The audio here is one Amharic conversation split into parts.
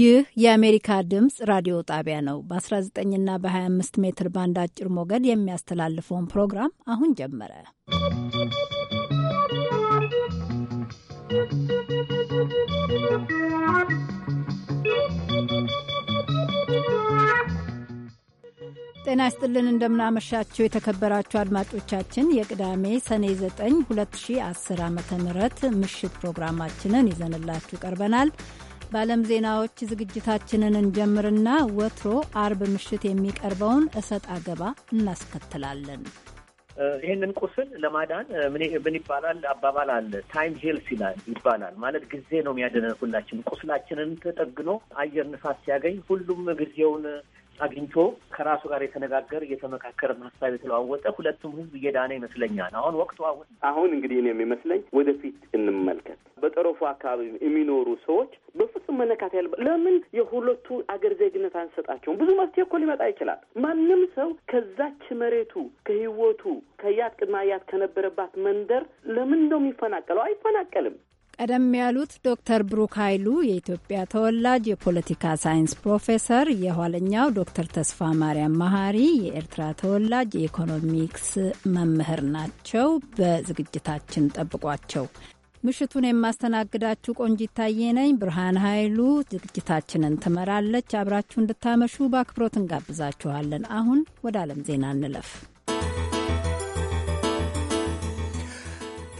ይህ የአሜሪካ ድምፅ ራዲዮ ጣቢያ ነው። በ19ና በ25 ሜትር ባንድ አጭር ሞገድ የሚያስተላልፈውን ፕሮግራም አሁን ጀመረ። ጤና ይስጥልን እንደምናመሻቸው የተከበራችሁ አድማጮቻችን የቅዳሜ ሰኔ 9 2010 ዓ ም ምሽት ፕሮግራማችንን ይዘንላችሁ ቀርበናል። በዓለም ዜናዎች ዝግጅታችንን እንጀምርና ወትሮ አርብ ምሽት የሚቀርበውን እሰጥ አገባ እናስከትላለን። ይህንን ቁስል ለማዳን ምን ይባላል? አባባል አለ። ታይም ሄልስ ይላል ይባላል። ማለት ጊዜ ነው የሚያደነን። ሁላችን ቁስላችንን ተጠግኖ አየር ንፋስ ሲያገኝ ሁሉም ጊዜውን አግኝቶ ከራሱ ጋር የተነጋገረ የተመካከረ ሀሳብ የተለዋወጠ ሁለቱም ህዝብ እየዳነ ይመስለኛል። አሁን ወቅቱ አሁን አሁን እንግዲህ እኔ የሚመስለኝ ወደፊት እንመልከት። በጠረፉ አካባቢ የሚኖሩ ሰዎች በፍጹም መነካት ያለ ለምን የሁለቱ አገር ዜግነት አንሰጣቸውም? ብዙ መፍትሄ እኮ ሊመጣ ይችላል። ማንም ሰው ከዛች መሬቱ ከህይወቱ ከያት ቅድመ ያት ከነበረባት መንደር ለምን ነው የሚፈናቀለው? አይፈናቀልም። ቀደም ያሉት ዶክተር ብሩክ ኃይሉ የኢትዮጵያ ተወላጅ የፖለቲካ ሳይንስ ፕሮፌሰር፣ የኋለኛው ዶክተር ተስፋ ማርያም መሀሪ የኤርትራ ተወላጅ የኢኮኖሚክስ መምህር ናቸው። በዝግጅታችን ጠብቋቸው። ምሽቱን የማስተናግዳችሁ ቆንጂት ታዬ ነኝ። ብርሃን ኃይሉ ዝግጅታችንን ትመራለች። አብራችሁ እንድታመሹ በአክብሮት እንጋብዛችኋለን። አሁን ወደ ዓለም ዜና እንለፍ።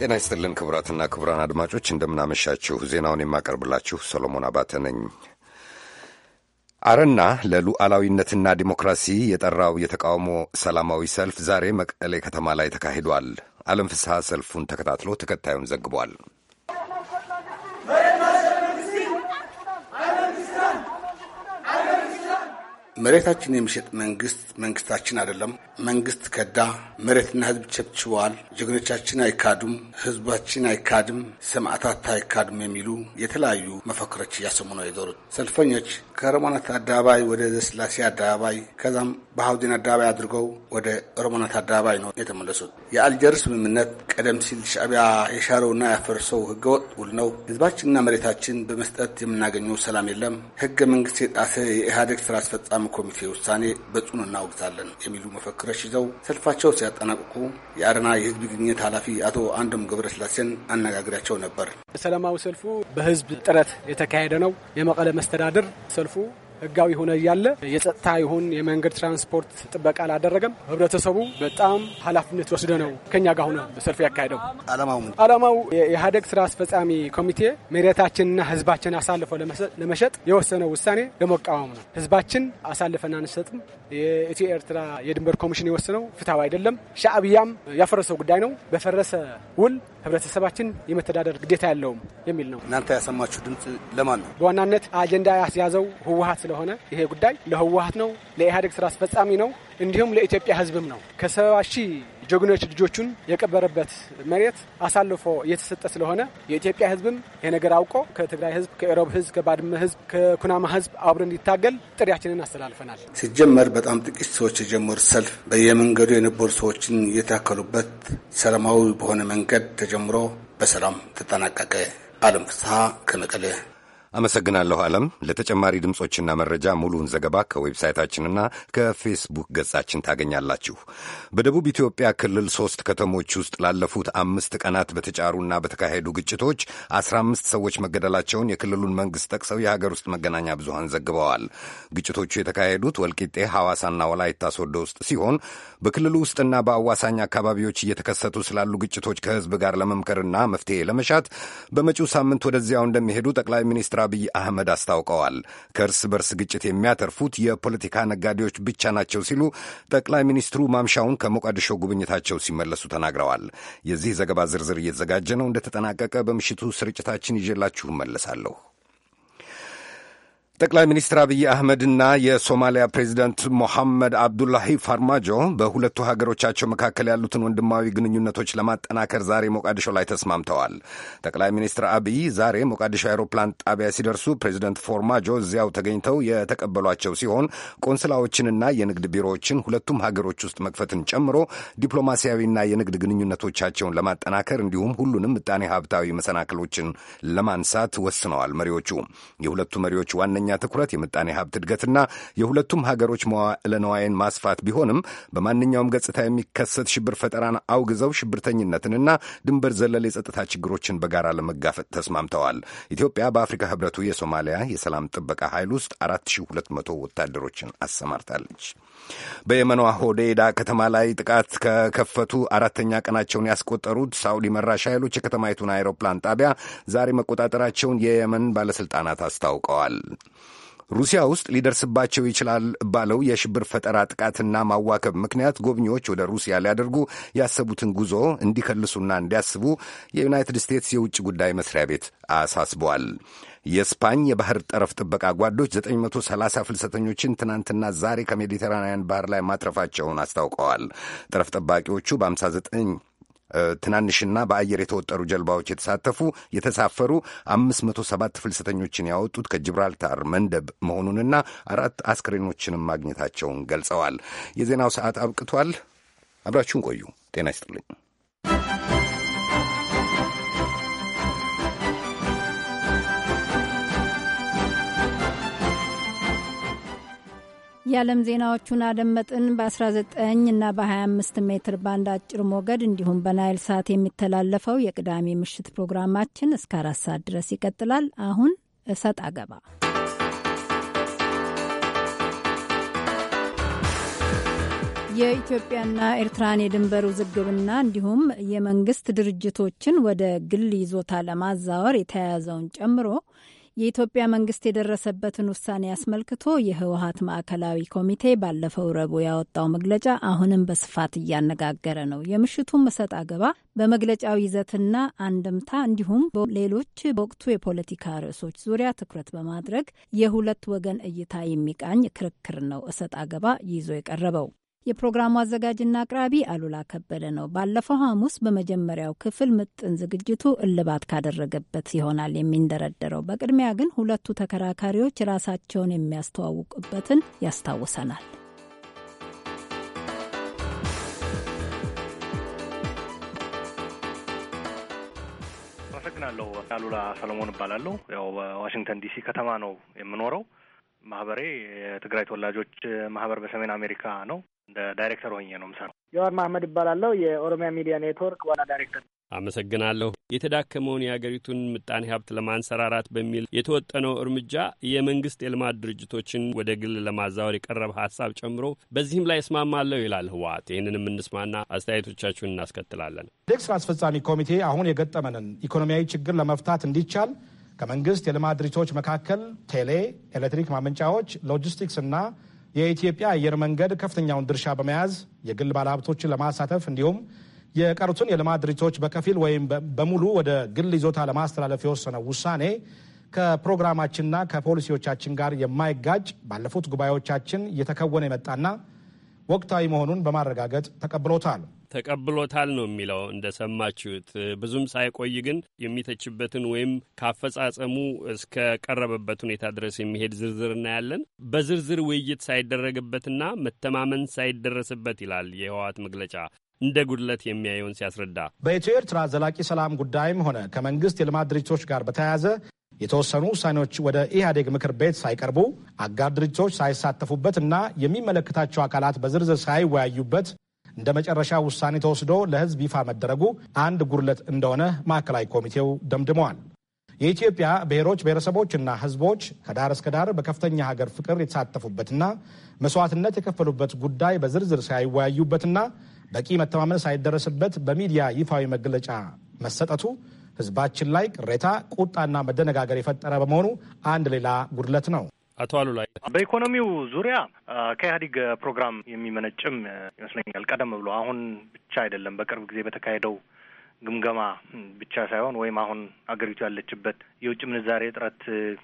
ጤና ይስጥልን ክቡራትና ክቡራን አድማጮች እንደምናመሻችሁ። ዜናውን የማቀርብላችሁ ሰሎሞን አባተ ነኝ። አረና ለሉዓላዊነትና ዲሞክራሲ የጠራው የተቃውሞ ሰላማዊ ሰልፍ ዛሬ መቀሌ ከተማ ላይ ተካሂዷል። አለም ፍስሐ ሰልፉን ተከታትሎ ተከታዩን ዘግቧል። መሬታችን የሚሸጥ መንግስት መንግስታችን አይደለም። መንግስት ከዳ፣ መሬትና ህዝብ ቸብችበዋል። ጀግኖቻችን አይካዱም፣ ህዝባችን አይካድም፣ ሰማዕታት አይካዱም የሚሉ የተለያዩ መፈክሮች እያሰሙ ነው የዞሩት ሰልፈኞች። ከሮማናት አደባባይ ወደ ዘስላሴ አደባባይ ከዛም በሀውዜን አደባባይ አድርገው ወደ ሮማናት አደባባይ ነው የተመለሱት። የአልጀር ስምምነት ቀደም ሲል ሻዕቢያ የሻረውና ያፈርሰው ህገወጥ ውል ነው። ህዝባችንና መሬታችን በመስጠት የምናገኘው ሰላም የለም። ህገ መንግስት የጣሰ የኢህአዴግ ስራ አስፈጻሚ ኮሚቴ ውሳኔ በጽኑ እናወግዛለን የሚሉ መፈክሮች ይዘው ሰልፋቸው ሲያጠናቅቁ የአረና የህዝብ ግንኙነት ኃላፊ አቶ አንዶም ገብረስላሴን አነጋግሪያቸው ነበር። ሰላማዊ ሰልፉ በህዝብ ጥረት የተካሄደ ነው። የመቀለ መስተዳድር ሰልፉ ህጋዊ ሆነ እያለ የጸጥታ ይሁን የመንገድ ትራንስፖርት ጥበቃ አላደረገም። ህብረተሰቡ በጣም ኃላፊነት ወስደ ነው ከኛ ጋር ሆነ ሰልፍ ያካሄደው። አላማው የኢህአዴግ ስራ አስፈጻሚ ኮሚቴ መሬታችንና ህዝባችን አሳልፈው ለመሸጥ የወሰነው ውሳኔ ለመቃወም ነው። ህዝባችን አሳልፈን አንሰጥም። የኢትዮ ኤርትራ የድንበር ኮሚሽን የወሰነው ፍትሐዊ አይደለም፣ ሻዕብያም ያፈረሰው ጉዳይ ነው። በፈረሰ ውል ህብረተሰባችን የመተዳደር ግዴታ ያለውም የሚል ነው። እናንተ ያሰማችሁ ድምፅ ለማን ነው? በዋናነት አጀንዳ ያስያዘው ህወሀት ስለሆነ ይሄ ጉዳይ ለህወሀት ነው፣ ለኢህአዴግ ስራ አስፈጻሚ ነው፣ እንዲሁም ለኢትዮጵያ ህዝብም ነው። ከሰባ ሺህ ጀግኖች ልጆቹን የቀበረበት መሬት አሳልፎ እየተሰጠ ስለሆነ የኢትዮጵያ ህዝብም ይሄ ነገር አውቆ ከትግራይ ህዝብ ከኢሮብ ህዝብ፣ ከባድመ ህዝብ ከኩናማ ህዝብ አብሮ እንዲታገል ጥሪያችንን አስተላልፈናል። ሲጀመር በጣም ጥቂት ሰዎች የጀመሩት ሰልፍ በየመንገዱ የነበሩ ሰዎችን የታከሉበት ሰላማዊ በሆነ መንገድ ተጀምሮ በሰላም ተጠናቀቀ። አለም ፍስሀ ከመቀለ አመሰግናለሁ አለም። ለተጨማሪ ድምፆችና መረጃ ሙሉውን ዘገባ ከዌብሳይታችንና ከፌስቡክ ገጻችን ታገኛላችሁ። በደቡብ ኢትዮጵያ ክልል ሶስት ከተሞች ውስጥ ላለፉት አምስት ቀናት በተጫሩና በተካሄዱ ግጭቶች አስራ አምስት ሰዎች መገደላቸውን የክልሉን መንግስት ጠቅሰው የሀገር ውስጥ መገናኛ ብዙሀን ዘግበዋል። ግጭቶቹ የተካሄዱት ወልቂጤ፣ ሐዋሳና ወላይታ ሶዶ ውስጥ ሲሆን በክልሉ ውስጥና በአዋሳኝ አካባቢዎች እየተከሰቱ ስላሉ ግጭቶች ከህዝብ ጋር ለመምከርና መፍትሄ ለመሻት በመጪው ሳምንት ወደዚያው እንደሚሄዱ ጠቅላይ ሚኒስትር አብይ አህመድ አስታውቀዋል። ከእርስ በርስ ግጭት የሚያተርፉት የፖለቲካ ነጋዴዎች ብቻ ናቸው ሲሉ ጠቅላይ ሚኒስትሩ ማምሻውን ከሞቃዲሾ ጉብኝታቸው ሲመለሱ ተናግረዋል። የዚህ ዘገባ ዝርዝር እየተዘጋጀ ነው። እንደተጠናቀቀ በምሽቱ ስርጭታችን ይዤላችሁ መለሳለሁ። ጠቅላይ ሚኒስትር አብይ አህመድና የሶማሊያ ፕሬዚደንት ሞሐመድ አብዱላሂ ፋርማጆ በሁለቱ ሀገሮቻቸው መካከል ያሉትን ወንድማዊ ግንኙነቶች ለማጠናከር ዛሬ ሞቃዲሾ ላይ ተስማምተዋል። ጠቅላይ ሚኒስትር አብይ ዛሬ ሞቃዲሾ አይሮፕላን ጣቢያ ሲደርሱ ፕሬዚደንት ፎርማጆ እዚያው ተገኝተው የተቀበሏቸው ሲሆን ቆንስላዎችንና የንግድ ቢሮዎችን ሁለቱም ሀገሮች ውስጥ መክፈትን ጨምሮ ዲፕሎማሲያዊና የንግድ ግንኙነቶቻቸውን ለማጠናከር እንዲሁም ሁሉንም ምጣኔ ሀብታዊ መሰናክሎችን ለማንሳት ወስነዋል። መሪዎቹ የሁለቱ መሪዎች ዋነኛ ዋነኛ ትኩረት የምጣኔ ሀብት እድገትና የሁለቱም ሀገሮች መዋዕለ ነዋይን ማስፋት ቢሆንም በማንኛውም ገጽታ የሚከሰት ሽብር ፈጠራን አውግዘው ሽብርተኝነትንና ድንበር ዘለል የጸጥታ ችግሮችን በጋራ ለመጋፈጥ ተስማምተዋል። ኢትዮጵያ በአፍሪካ ህብረቱ የሶማሊያ የሰላም ጥበቃ ኃይል ውስጥ 4200 ወታደሮችን አሰማርታለች። በየመኗ ሆዴዳ ከተማ ላይ ጥቃት ከከፈቱ አራተኛ ቀናቸውን ያስቆጠሩት ሳውዲ መራሽ ኃይሎች የከተማይቱን አይሮፕላን ጣቢያ ዛሬ መቆጣጠራቸውን የየመን ባለሥልጣናት አስታውቀዋል። ሩሲያ ውስጥ ሊደርስባቸው ይችላል ባለው የሽብር ፈጠራ ጥቃትና ማዋከብ ምክንያት ጎብኚዎች ወደ ሩሲያ ሊያደርጉ ያሰቡትን ጉዞ እንዲከልሱና እንዲያስቡ የዩናይትድ ስቴትስ የውጭ ጉዳይ መስሪያ ቤት አሳስበዋል። የስፓኝ የባህር ጠረፍ ጥበቃ ጓዶች 930 ፍልሰተኞችን ትናንትና ዛሬ ከሜዲተራንያን ባህር ላይ ማትረፋቸውን አስታውቀዋል። ጠረፍ ጠባቂዎቹ በ59 ትናንሽና በአየር የተወጠሩ ጀልባዎች የተሳተፉ የተሳፈሩ 507 ፍልሰተኞችን ያወጡት ከጂብራልታር መንደብ መሆኑንና አራት አስክሬኖችንም ማግኘታቸውን ገልጸዋል። የዜናው ሰዓት አብቅቷል። አብራችሁን ቆዩ። ጤና ይስጥልኝ። የዓለም ዜናዎቹን አደመጥን። በ19 እና በ25 ሜትር ባንድ አጭር ሞገድ እንዲሁም በናይል ሳት የሚተላለፈው የቅዳሜ ምሽት ፕሮግራማችን እስከ አራት ሰዓት ድረስ ይቀጥላል። አሁን እሰጥ አገባ የኢትዮጵያና ኤርትራን የድንበር ውዝግብና እንዲሁም የመንግስት ድርጅቶችን ወደ ግል ይዞታ ለማዛወር የተያያዘውን ጨምሮ የኢትዮጵያ መንግስት የደረሰበትን ውሳኔ አስመልክቶ የህወሀት ማዕከላዊ ኮሚቴ ባለፈው ረቡዕ ያወጣው መግለጫ አሁንም በስፋት እያነጋገረ ነው። የምሽቱም እሰጥ አገባ በመግለጫው ይዘትና አንድምታ እንዲሁም ሌሎች በወቅቱ የፖለቲካ ርዕሶች ዙሪያ ትኩረት በማድረግ የሁለት ወገን እይታ የሚቃኝ ክርክር ነው። እሰጥ አገባ ይዞ የቀረበው የፕሮግራሙ አዘጋጅና አቅራቢ አሉላ ከበደ ነው። ባለፈው ሐሙስ በመጀመሪያው ክፍል ምጥን ዝግጅቱ እልባት ካደረገበት ይሆናል የሚንደረደረው። በቅድሚያ ግን ሁለቱ ተከራካሪዎች ራሳቸውን የሚያስተዋውቁበትን ያስታውሰናል። አመሰግናለሁ። አሉላ ሰለሞን እባላለሁ። ያው በዋሽንግተን ዲሲ ከተማ ነው የምኖረው። ማህበሬ የትግራይ ተወላጆች ማህበር በሰሜን አሜሪካ ነው። እንደ ዳይሬክተር ሆኜ ነው ምሰራው። ጀዋር ማህመድ ይባላለሁ። የኦሮሚያ ሚዲያ ኔትወርክ ዋና ዳይሬክተር። አመሰግናለሁ። የተዳከመውን የአገሪቱን ምጣኔ ሀብት ለማንሰራራት በሚል የተወጠነው እርምጃ የመንግስት የልማት ድርጅቶችን ወደ ግል ለማዛወር የቀረበ ሀሳብ ጨምሮ በዚህም ላይ እስማማለሁ ይላል ህወሓት። ይህንንም እንስማና አስተያየቶቻችሁን እናስከትላለን። ደግ ስራ አስፈጻሚ ኮሚቴ አሁን የገጠመንን ኢኮኖሚያዊ ችግር ለመፍታት እንዲቻል ከመንግስት የልማት ድርጅቶች መካከል ቴሌ፣ ኤሌክትሪክ ማመንጫዎች፣ ሎጂስቲክስ እና የኢትዮጵያ አየር መንገድ ከፍተኛውን ድርሻ በመያዝ የግል ባለሀብቶችን ለማሳተፍ እንዲሁም የቀሩትን የልማት ድርጅቶች በከፊል ወይም በሙሉ ወደ ግል ይዞታ ለማስተላለፍ የወሰነው ውሳኔ ከፕሮግራማችንና ከፖሊሲዎቻችን ጋር የማይጋጭ ባለፉት ጉባኤዎቻችን እየተከወነ የመጣና ወቅታዊ መሆኑን በማረጋገጥ ተቀብሎታል። ተቀብሎታል ነው የሚለው እንደሰማችሁት። ብዙም ሳይቆይ ግን የሚተችበትን ወይም ካፈጻጸሙ እስከ ቀረበበት ሁኔታ ድረስ የሚሄድ ዝርዝር እናያለን። በዝርዝር ውይይት ሳይደረግበትና መተማመን ሳይደረስበት ይላል የህወሓት መግለጫ እንደ ጉድለት የሚያየውን ሲያስረዳ በኢትዮ ኤርትራ ዘላቂ ሰላም ጉዳይም ሆነ ከመንግስት የልማት ድርጅቶች ጋር በተያያዘ የተወሰኑ ውሳኔዎች ወደ ኢህአዴግ ምክር ቤት ሳይቀርቡ አጋር ድርጅቶች ሳይሳተፉበት እና የሚመለከታቸው አካላት በዝርዝር ሳይወያዩበት እንደ መጨረሻ ውሳኔ ተወስዶ ለሕዝብ ይፋ መደረጉ አንድ ጉድለት እንደሆነ ማዕከላዊ ኮሚቴው ደምድመዋል። የኢትዮጵያ ብሔሮች ብሔረሰቦችና ሕዝቦች ከዳር እስከ ዳር በከፍተኛ ሀገር ፍቅር የተሳተፉበትና መስዋዕትነት የከፈሉበት ጉዳይ በዝርዝር ሳይወያዩበትና በቂ መተማመን ሳይደረስበት በሚዲያ ይፋዊ መግለጫ መሰጠቱ ሕዝባችን ላይ ቅሬታ፣ ቁጣና መደነጋገር የፈጠረ በመሆኑ አንድ ሌላ ጉድለት ነው። አቶ አሉላ በኢኮኖሚው ዙሪያ ከኢህአዴግ ፕሮግራም የሚመነጭም ይመስለኛል። ቀደም ብሎ አሁን ብቻ አይደለም፣ በቅርብ ጊዜ በተካሄደው ግምገማ ብቻ ሳይሆን ወይም አሁን አገሪቱ ያለችበት የውጭ ምንዛሬ እጥረት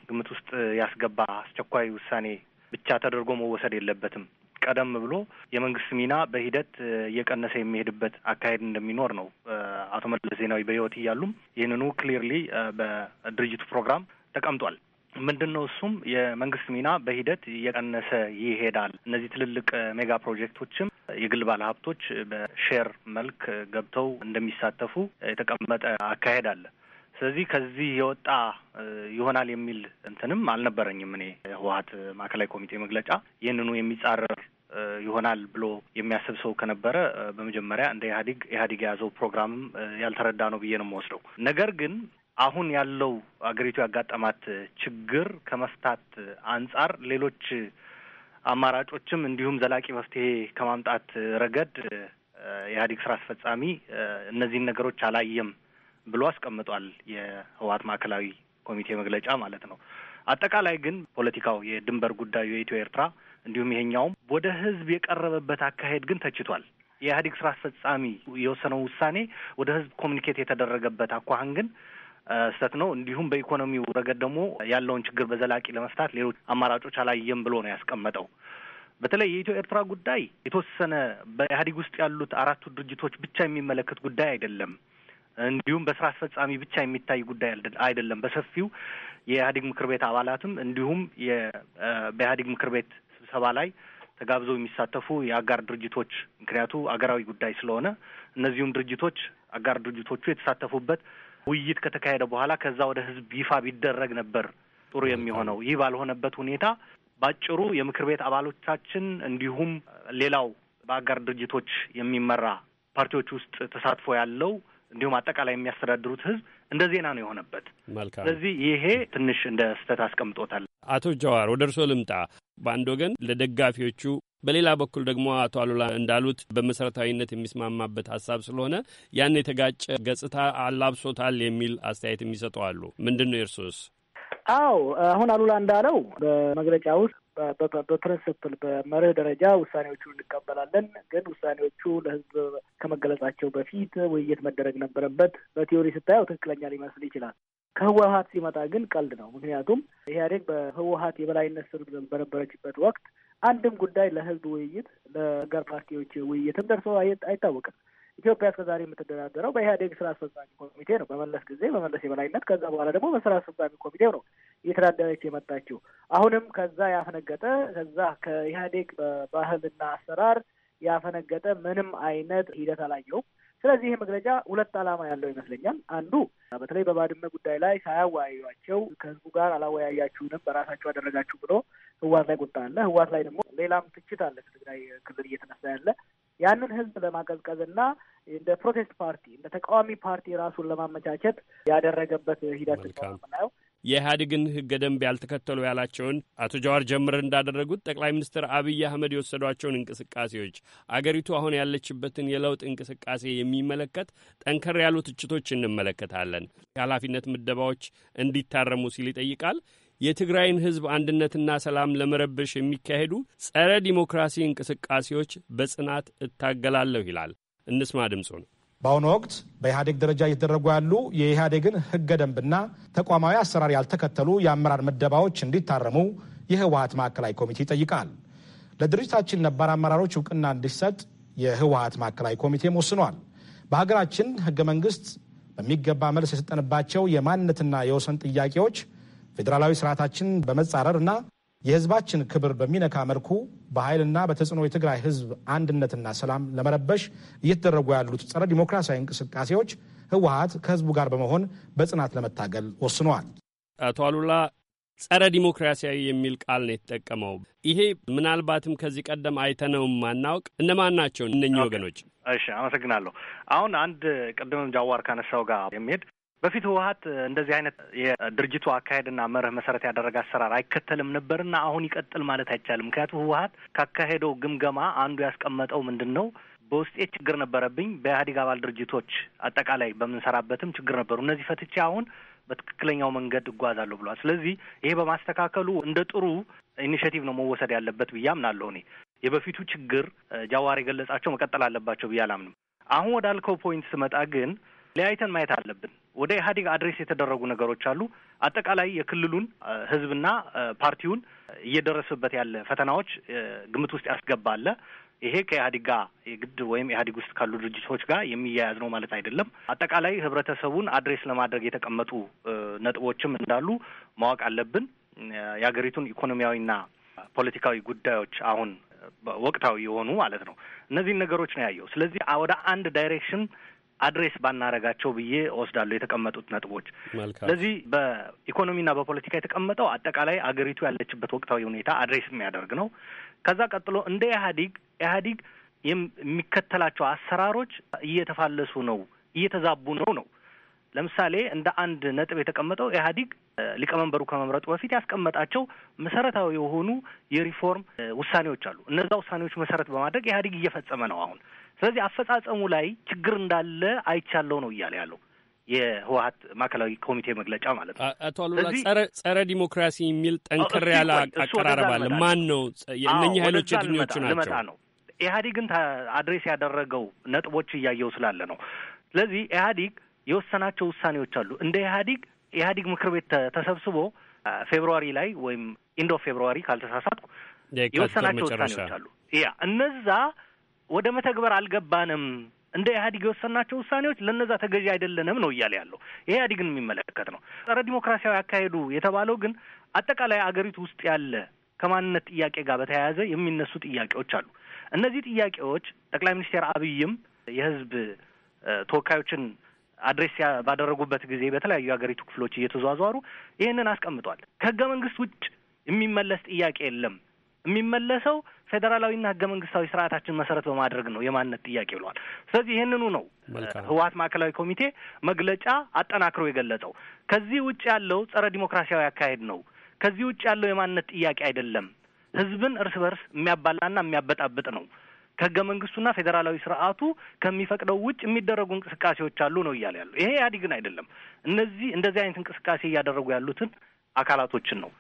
ግምት ውስጥ ያስገባ አስቸኳይ ውሳኔ ብቻ ተደርጎ መወሰድ የለበትም። ቀደም ብሎ የመንግስት ሚና በሂደት እየቀነሰ የሚሄድበት አካሄድ እንደሚኖር ነው አቶ መለስ ዜናዊ በህይወት እያሉም ይህንኑ ክሊርሊ በድርጅቱ ፕሮግራም ተቀምጧል። ምንድን ነው እሱም የመንግስት ሚና በሂደት እየቀነሰ ይሄዳል። እነዚህ ትልልቅ ሜጋ ፕሮጀክቶችም የግል ባለሀብቶች በሼር መልክ ገብተው እንደሚሳተፉ የተቀመጠ አካሄድ አለ። ስለዚህ ከዚህ የወጣ ይሆናል የሚል እንትንም አልነበረኝም። እኔ ህወሀት ማዕከላዊ ኮሚቴ መግለጫ ይህንኑ የሚጻረር ይሆናል ብሎ የሚያስብ ሰው ከነበረ በመጀመሪያ እንደ ኢህአዴግ ኢህአዴግ የያዘው ፕሮግራምም ያልተረዳ ነው ብዬ ነው የምወስደው። ነገር ግን አሁን ያለው አገሪቱ ያጋጠማት ችግር ከመፍታት አንጻር ሌሎች አማራጮችም እንዲሁም ዘላቂ መፍትሄ ከማምጣት ረገድ የኢህአዴግ ስራ አስፈጻሚ እነዚህን ነገሮች አላየም ብሎ አስቀምጧል። የህወሓት ማዕከላዊ ኮሚቴ መግለጫ ማለት ነው። አጠቃላይ ግን ፖለቲካው የድንበር ጉዳዩ የኢትዮ ኤርትራ እንዲሁም ይሄኛውም ወደ ህዝብ የቀረበበት አካሄድ ግን ተችቷል። የኢህአዴግ ስራ አስፈጻሚ የወሰነው ውሳኔ ወደ ህዝብ ኮሚኒኬት የተደረገበት አኳኋን ግን ስህተት ነው። እንዲሁም በኢኮኖሚው ረገድ ደግሞ ያለውን ችግር በዘላቂ ለመፍታት ሌሎች አማራጮች አላየም ብሎ ነው ያስቀመጠው። በተለይ የኢትዮ ኤርትራ ጉዳይ የተወሰነ በኢህአዴግ ውስጥ ያሉት አራቱ ድርጅቶች ብቻ የሚመለከት ጉዳይ አይደለም። እንዲሁም በስራ አስፈጻሚ ብቻ የሚታይ ጉዳይ አይደለም። በሰፊው የኢህአዴግ ምክር ቤት አባላትም እንዲሁም በኢህአዴግ ምክር ቤት ስብሰባ ላይ ተጋብዘው የሚሳተፉ የአጋር ድርጅቶች ምክንያቱ አገራዊ ጉዳይ ስለሆነ እነዚሁም ድርጅቶች አጋር ድርጅቶቹ የተሳተፉበት ውይይት ከተካሄደ በኋላ ከዛ ወደ ህዝብ ይፋ ቢደረግ ነበር ጥሩ የሚሆነው። ይህ ባልሆነበት ሁኔታ ባጭሩ የምክር ቤት አባሎቻችን እንዲሁም ሌላው በአጋር ድርጅቶች የሚመራ ፓርቲዎች ውስጥ ተሳትፎ ያለው እንዲሁም አጠቃላይ የሚያስተዳድሩት ህዝብ እንደ ዜና ነው የሆነበት። ስለዚህ ይሄ ትንሽ እንደ ስህተት አስቀምጦታል። አቶ ጀዋር ወደ እርስዎ ልምጣ። በአንድ ወገን ለደጋፊዎቹ በሌላ በኩል ደግሞ አቶ አሉላ እንዳሉት በመሰረታዊነት የሚስማማበት ሀሳብ ስለሆነ ያን የተጋጨ ገጽታ አላብሶታል የሚል አስተያየት የሚሰጡ አሉ። ምንድን ነው እርሶስ? አዎ አሁን አሉላ እንዳለው በመግለጫ ውስጥ በፕሪንስፕል በመርህ ደረጃ ውሳኔዎቹን እንቀበላለን። ግን ውሳኔዎቹ ለሕዝብ ከመገለጻቸው በፊት ውይይት መደረግ ነበረበት። በቲዮሪ ስታየው ትክክለኛ ሊመስል ይችላል። ከህወሀት ሲመጣ ግን ቀልድ ነው። ምክንያቱም ኢህአዴግ በህወሀት የበላይነት ስር በነበረችበት ወቅት አንድም ጉዳይ ለህዝብ ውይይት ለገር ፓርቲዎች ውይይትም ደርሶ አይታወቅም። ኢትዮጵያ ዛሬ የምትደራደረው በኢህአዴግ ስራ አስፈጻሚ ኮሚቴ ነው፣ በመለስ ጊዜ በመለስ የበላይነት፣ ከዛ በኋላ ደግሞ በስራ አስፈጻሚ ኮሚቴው ነው እየተዳደረች የመጣችው። አሁንም ከዛ ያፈነገጠ ከዛ ከኢህአዴግ ባህልና አሰራር ያፈነገጠ ምንም አይነት ሂደት አላየውም። ስለዚህ ይህ መግለጫ ሁለት ዓላማ ያለው ይመስለኛል። አንዱ በተለይ በባድመ ጉዳይ ላይ ሳያወያዩቸው ከህዝቡ ጋር አላወያያችሁንም በራሳችሁ አደረጋችሁ ብሎ ህዋት ላይ ቁጣ አለ። ህዋት ላይ ደግሞ ሌላም ትችት አለ። ከትግራይ ክልል እየተነሳ ያለ ያንን ህዝብ ለማቀዝቀዝ እና እንደ ፕሮቴስት ፓርቲ እንደ ተቃዋሚ ፓርቲ ራሱን ለማመቻቸት ያደረገበት ሂደት ነው የምናየው። የኢህአዴግን ህገ ደንብ ያልተከተሉ ያላቸውን አቶ ጀዋር ጀምር እንዳደረጉት ጠቅላይ ሚኒስትር አብይ አህመድ የወሰዷቸውን እንቅስቃሴዎች አገሪቱ አሁን ያለችበትን የለውጥ እንቅስቃሴ የሚመለከት ጠንከር ያሉ ትችቶች እንመለከታለን። የኃላፊነት ምደባዎች እንዲታረሙ ሲል ይጠይቃል። የትግራይን ህዝብ አንድነትና ሰላም ለመረበሽ የሚካሄዱ ጸረ ዲሞክራሲ እንቅስቃሴዎች በጽናት እታገላለሁ ይላል። እንስማ ድምፁ ነው። በአሁኑ ወቅት በኢህአዴግ ደረጃ እየተደረጉ ያሉ የኢህአዴግን ህገ ደንብና ተቋማዊ አሰራር ያልተከተሉ የአመራር ምደባዎች እንዲታረሙ የህወሀት ማዕከላዊ ኮሚቴ ይጠይቃል። ለድርጅታችን ነባር አመራሮች እውቅና እንዲሰጥ የህወሀት ማዕከላዊ ኮሚቴም ወስኗል። በሀገራችን ህገ መንግስት በሚገባ መልስ የሰጠንባቸው የማንነትና የወሰን ጥያቄዎች ፌዴራላዊ ስርዓታችን በመጻረር እና የህዝባችን ክብር በሚነካ መልኩ በኃይልና በተጽዕኖ የትግራይ ህዝብ አንድነትና ሰላም ለመረበሽ እየተደረጉ ያሉት ጸረ ዲሞክራሲያዊ እንቅስቃሴዎች ህወሀት ከህዝቡ ጋር በመሆን በጽናት ለመታገል ወስነዋል። አቶ አሉላ ጸረ ዲሞክራሲያዊ የሚል ቃል ነው የተጠቀመው። ይሄ ምናልባትም ከዚህ ቀደም አይተነውም ማናውቅ እነማን ናቸው እነኚህ ወገኖች? እሺ አመሰግናለሁ። አሁን አንድ ቅድም ጃዋር ካነሳው ጋር የሚሄድ በፊት ህወሀት እንደዚህ አይነት የድርጅቱ አካሄድና መርህ መሰረት ያደረገ አሰራር አይከተልም ነበርና አሁን ይቀጥል ማለት አይቻልም። ምክንያቱም ህወሀት ካካሄደው ግምገማ አንዱ ያስቀመጠው ምንድን ነው? በውስጤ ችግር ነበረብኝ። በኢህአዴግ አባል ድርጅቶች አጠቃላይ በምንሰራበትም ችግር ነበሩ። እነዚህ ፈትቼ አሁን በትክክለኛው መንገድ እጓዛለሁ ብሏል። ስለዚህ ይሄ በማስተካከሉ እንደ ጥሩ ኢኒሽቲቭ ነው መወሰድ ያለበት ብዬ አምናለሁ። እኔ የበፊቱ ችግር ጃዋር የገለጻቸው መቀጠል አለባቸው ብዬ አላምንም። አሁን ወዳልከው ፖይንት ስመጣ ግን ሊያይተን ማየት አለብን። ወደ ኢህአዴግ አድሬስ የተደረጉ ነገሮች አሉ። አጠቃላይ የክልሉን ህዝብና ፓርቲውን እየደረሰበት ያለ ፈተናዎች ግምት ውስጥ ያስገባለ። ይሄ ከኢህአዴግ ጋር የግድ ወይም ኢህአዴግ ውስጥ ካሉ ድርጅቶች ጋር የሚያያዝ ነው ማለት አይደለም። አጠቃላይ ህብረተሰቡን አድሬስ ለማድረግ የተቀመጡ ነጥቦችም እንዳሉ ማወቅ አለብን። የሀገሪቱን ኢኮኖሚያዊና ፖለቲካዊ ጉዳዮች አሁን ወቅታዊ የሆኑ ማለት ነው። እነዚህን ነገሮች ነው ያየው። ስለዚህ ወደ አንድ ዳይሬክሽን አድሬስ ባናረጋቸው ብዬ እወስዳለሁ የተቀመጡት ነጥቦች። ስለዚህ በኢኮኖሚና በፖለቲካ የተቀመጠው አጠቃላይ አገሪቱ ያለችበት ወቅታዊ ሁኔታ አድሬስ የሚያደርግ ነው። ከዛ ቀጥሎ እንደ ኢህአዲግ ኢህአዲግ የሚከተላቸው አሰራሮች እየተፋለሱ ነው፣ እየተዛቡ ነው ነው ለምሳሌ እንደ አንድ ነጥብ የተቀመጠው ኢህአዲግ ሊቀመንበሩ ከመምረጡ በፊት ያስቀመጣቸው መሰረታዊ የሆኑ የሪፎርም ውሳኔዎች አሉ። እነዛ ውሳኔዎች መሰረት በማድረግ ኢህአዲግ እየፈጸመ ነው። አሁን ስለዚህ አፈጻጸሙ ላይ ችግር እንዳለ አይቻለው ነው እያለ ያለው የህወሀት ማዕከላዊ ኮሚቴ መግለጫ ማለት ነው። አቶ አሉላ ጸረ ጸረ ዲሞክራሲ የሚል ጠንከር ያለ አቀራረብ አለ። ማን ነው የእነኚህ ኃይሎች የትኞቹ ናቸው ነው? ኢህአዲግን አድሬስ ያደረገው ነጥቦች እያየው ስላለ ነው። ስለዚህ ኢህአዲግ የወሰናቸው ውሳኔዎች አሉ። እንደ ኢህአዲግ ኢህአዲግ ምክር ቤት ተሰብስቦ ፌብሩዋሪ ላይ ወይም ኢንዶ ፌብሩዋሪ ካልተሳሳትኩ የወሰናቸው ውሳኔዎች አሉ። ያ እነዛ ወደ መተግበር አልገባንም እንደ ኢህአዲግ የወሰናቸው ውሳኔዎች ለነዛ ተገዢ አይደለንም ነው እያለ ያለው። ይሄ ኢህአዲግን የሚመለከት ነው። ጸረ ዲሞክራሲያዊ አካሄዱ የተባለው ግን አጠቃላይ አገሪቱ ውስጥ ያለ ከማንነት ጥያቄ ጋር በተያያዘ የሚነሱ ጥያቄዎች አሉ። እነዚህ ጥያቄዎች ጠቅላይ ሚኒስትር አብይም የህዝብ ተወካዮችን አድሬስ ባደረጉበት ጊዜ በተለያዩ የአገሪቱ ክፍሎች እየተዟዟሩ ይህንን አስቀምጧል። ከህገ መንግስት ውጭ የሚመለስ ጥያቄ የለም የሚመለሰው ፌዴራላዊና ህገ መንግስታዊ ስርዓታችን መሰረት በማድረግ ነው የማንነት ጥያቄ ብለዋል። ስለዚህ ይህንኑ ነው ህወሀት ማዕከላዊ ኮሚቴ መግለጫ አጠናክሮ የገለጸው። ከዚህ ውጭ ያለው ጸረ ዲሞክራሲያዊ አካሄድ ነው። ከዚህ ውጭ ያለው የማንነት ጥያቄ አይደለም። ህዝብን እርስ በርስ የሚያባላና የሚያበጣብጥ ነው። ከህገ መንግስቱና ፌዴራላዊ ስርዓቱ ከሚፈቅደው ውጭ የሚደረጉ እንቅስቃሴዎች አሉ ነው እያለ ያሉ። ይሄ ኢህአዴግን አይደለም። እነዚህ እንደዚህ አይነት እንቅስቃሴ እያደረጉ ያሉትን አካላቶችን ነው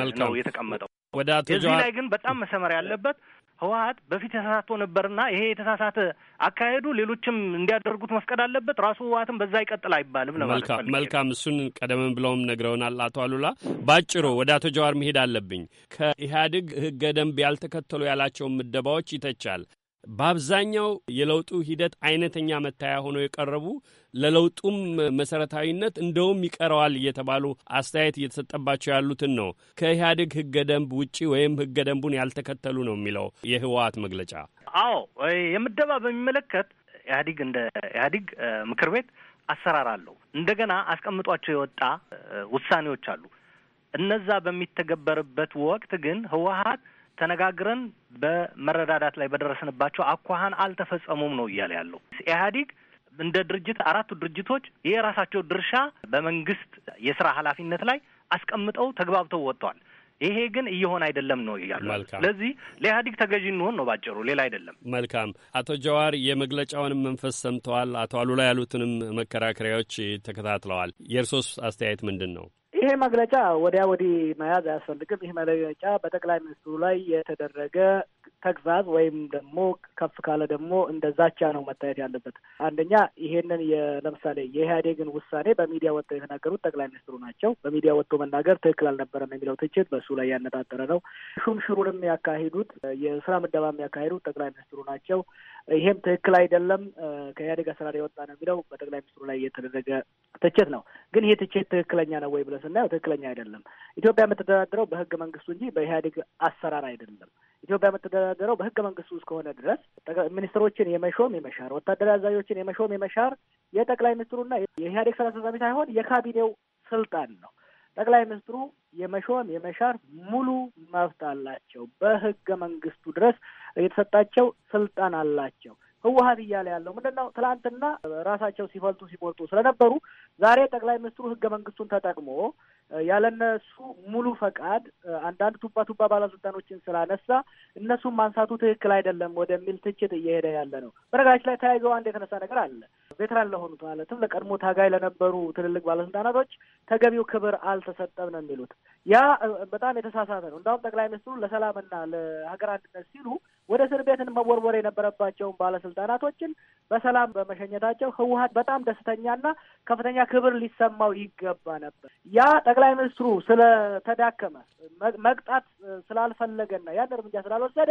ለማለት ነው የተቀመጠው። ወደ አቶ እዚህ ላይ ግን በጣም መሰመር ያለበት ህወሀት በፊት የተሳሳቶ ነበርና ይሄ የተሳሳተ አካሄዱ ሌሎችም እንዲያደርጉት መፍቀድ አለበት። ራሱ ህወሀትም በዛ ይቀጥል አይባልም ለማለት መልካም። እሱን ቀደም ብለውም ነግረውናል አቶ አሉላ። ባጭሩ ወደ አቶ ጀዋር መሄድ አለብኝ። ከኢህአዴግ ህገ ደንብ ያልተከተሉ ያላቸውን ምደባዎች ይተቻል። በአብዛኛው የለውጡ ሂደት አይነተኛ መታያ ሆኖ የቀረቡ ለለውጡም መሰረታዊነት እንደውም ይቀረዋል እየተባሉ አስተያየት እየተሰጠባቸው ያሉትን ነው። ከኢህአዴግ ህገ ደንብ ውጪ ወይም ህገ ደንቡን ያልተከተሉ ነው የሚለው የህወሓት መግለጫ። አዎ የምደባ በሚመለከት ኢህአዴግ እንደ ኢህአዴግ ምክር ቤት አሰራር አለው። እንደገና አስቀምጧቸው የወጣ ውሳኔዎች አሉ። እነዛ በሚተገበርበት ወቅት ግን ህወሓት ተነጋግረን በመረዳዳት ላይ በደረስንባቸው አኳሃን አልተፈጸሙም ነው እያለ ያለው ኢህአዲግ እንደ ድርጅት አራቱ ድርጅቶች የራሳቸው ድርሻ በመንግስት የስራ ኃላፊነት ላይ አስቀምጠው ተግባብተው ወጥተዋል። ይሄ ግን እየሆነ አይደለም ነው እያሉ። ስለዚህ ለኢህአዲግ ተገዢ እንሆን ነው ባጭሩ፣ ሌላ አይደለም። መልካም አቶ ጀዋር የመግለጫውንም መንፈስ ሰምተዋል። አቶ አሉላ ያሉትንም መከራከሪያዎች ተከታትለዋል። የእርሶስ አስተያየት ምንድን ነው? ይሄ መግለጫ ወዲያ ወዲህ መያዝ አያስፈልግም። ይህ መግለጫ በጠቅላይ ሚኒስትሩ ላይ የተደረገ ተግዛዝ ወይም ደግሞ ከፍ ካለ ደግሞ እንደ ዛቻ ነው መታየት ያለበት። አንደኛ ይሄንን ለምሳሌ የኢህአዴግን ውሳኔ በሚዲያ ወጥተው የተናገሩት ጠቅላይ ሚኒስትሩ ናቸው። በሚዲያ ወጥቶ መናገር ትክክል አልነበረም የሚለው ትችት በእሱ ላይ ያነጣጠረ ነው። ሹም ሽሩንም ያካሂዱት የስራ ምደባ የሚያካሂዱት ጠቅላይ ሚኒስትሩ ናቸው። ይሄም ትክክል አይደለም፣ ከኢህአዴግ አሰራር የወጣ ነው የሚለው በጠቅላይ ሚኒስትሩ ላይ የተደረገ ትችት ነው። ግን ይሄ ትችት ትክክለኛ ነው ወይ ብለን ስናየው ትክክለኛ አይደለም። ኢትዮጵያ የምትደራደረው በህገ መንግስቱ እንጂ በኢህአዴግ አሰራር አይደለም። ኢትዮጵያ የምትተዳደረው በህገ መንግስቱ እስከሆነ ድረስ ሚኒስትሮችን የመሾም የመሻር ወታደራዊ አዛዦችን የመሾም የመሻር የጠቅላይ ሚኒስትሩና የኢህአዴግ ስራ አስፈጻሚ ሳይሆን የካቢኔው ስልጣን ነው። ጠቅላይ ሚኒስትሩ የመሾም የመሻር ሙሉ መብት አላቸው። በህገ መንግስቱ ድረስ የተሰጣቸው ስልጣን አላቸው። ህወሀት እያለ ያለው ምንድን ነው? ትላንትና ራሳቸው ሲፈልጡ ሲቆርጡ ስለነበሩ ዛሬ ጠቅላይ ሚኒስትሩ ህገ መንግስቱን ተጠቅሞ ያለነሱ ሙሉ ፈቃድ አንዳንድ ቱባ ቱባ ባለስልጣኖችን ስላነሳ እነሱም ማንሳቱ ትክክል አይደለም ወደሚል ትችት እየሄደ ያለ ነው። በነገራችን ላይ ተያይዘው አንድ የተነሳ ነገር አለ። ቬትራን ለሆኑት ማለትም ለቀድሞ ታጋይ ለነበሩ ትልልቅ ባለስልጣናቶች ተገቢው ክብር አልተሰጠም ነው የሚሉት። ያ በጣም የተሳሳተ ነው። እንዳሁም ጠቅላይ ሚኒስትሩ ለሰላምና ለሀገር አንድነት ሲሉ ወደ እስር ቤትን መወርወር የነበረባቸውን ባለስልጣናቶችን በሰላም በመሸኘታቸው ህወሀት በጣም ደስተኛና ከፍተኛ ክብር ሊሰማው ይገባ ነበር። ያ ጠቅላይ ሚኒስትሩ ስለተዳከመ መቅጣት ስላልፈለገና ያን እርምጃ ስላልወሰደ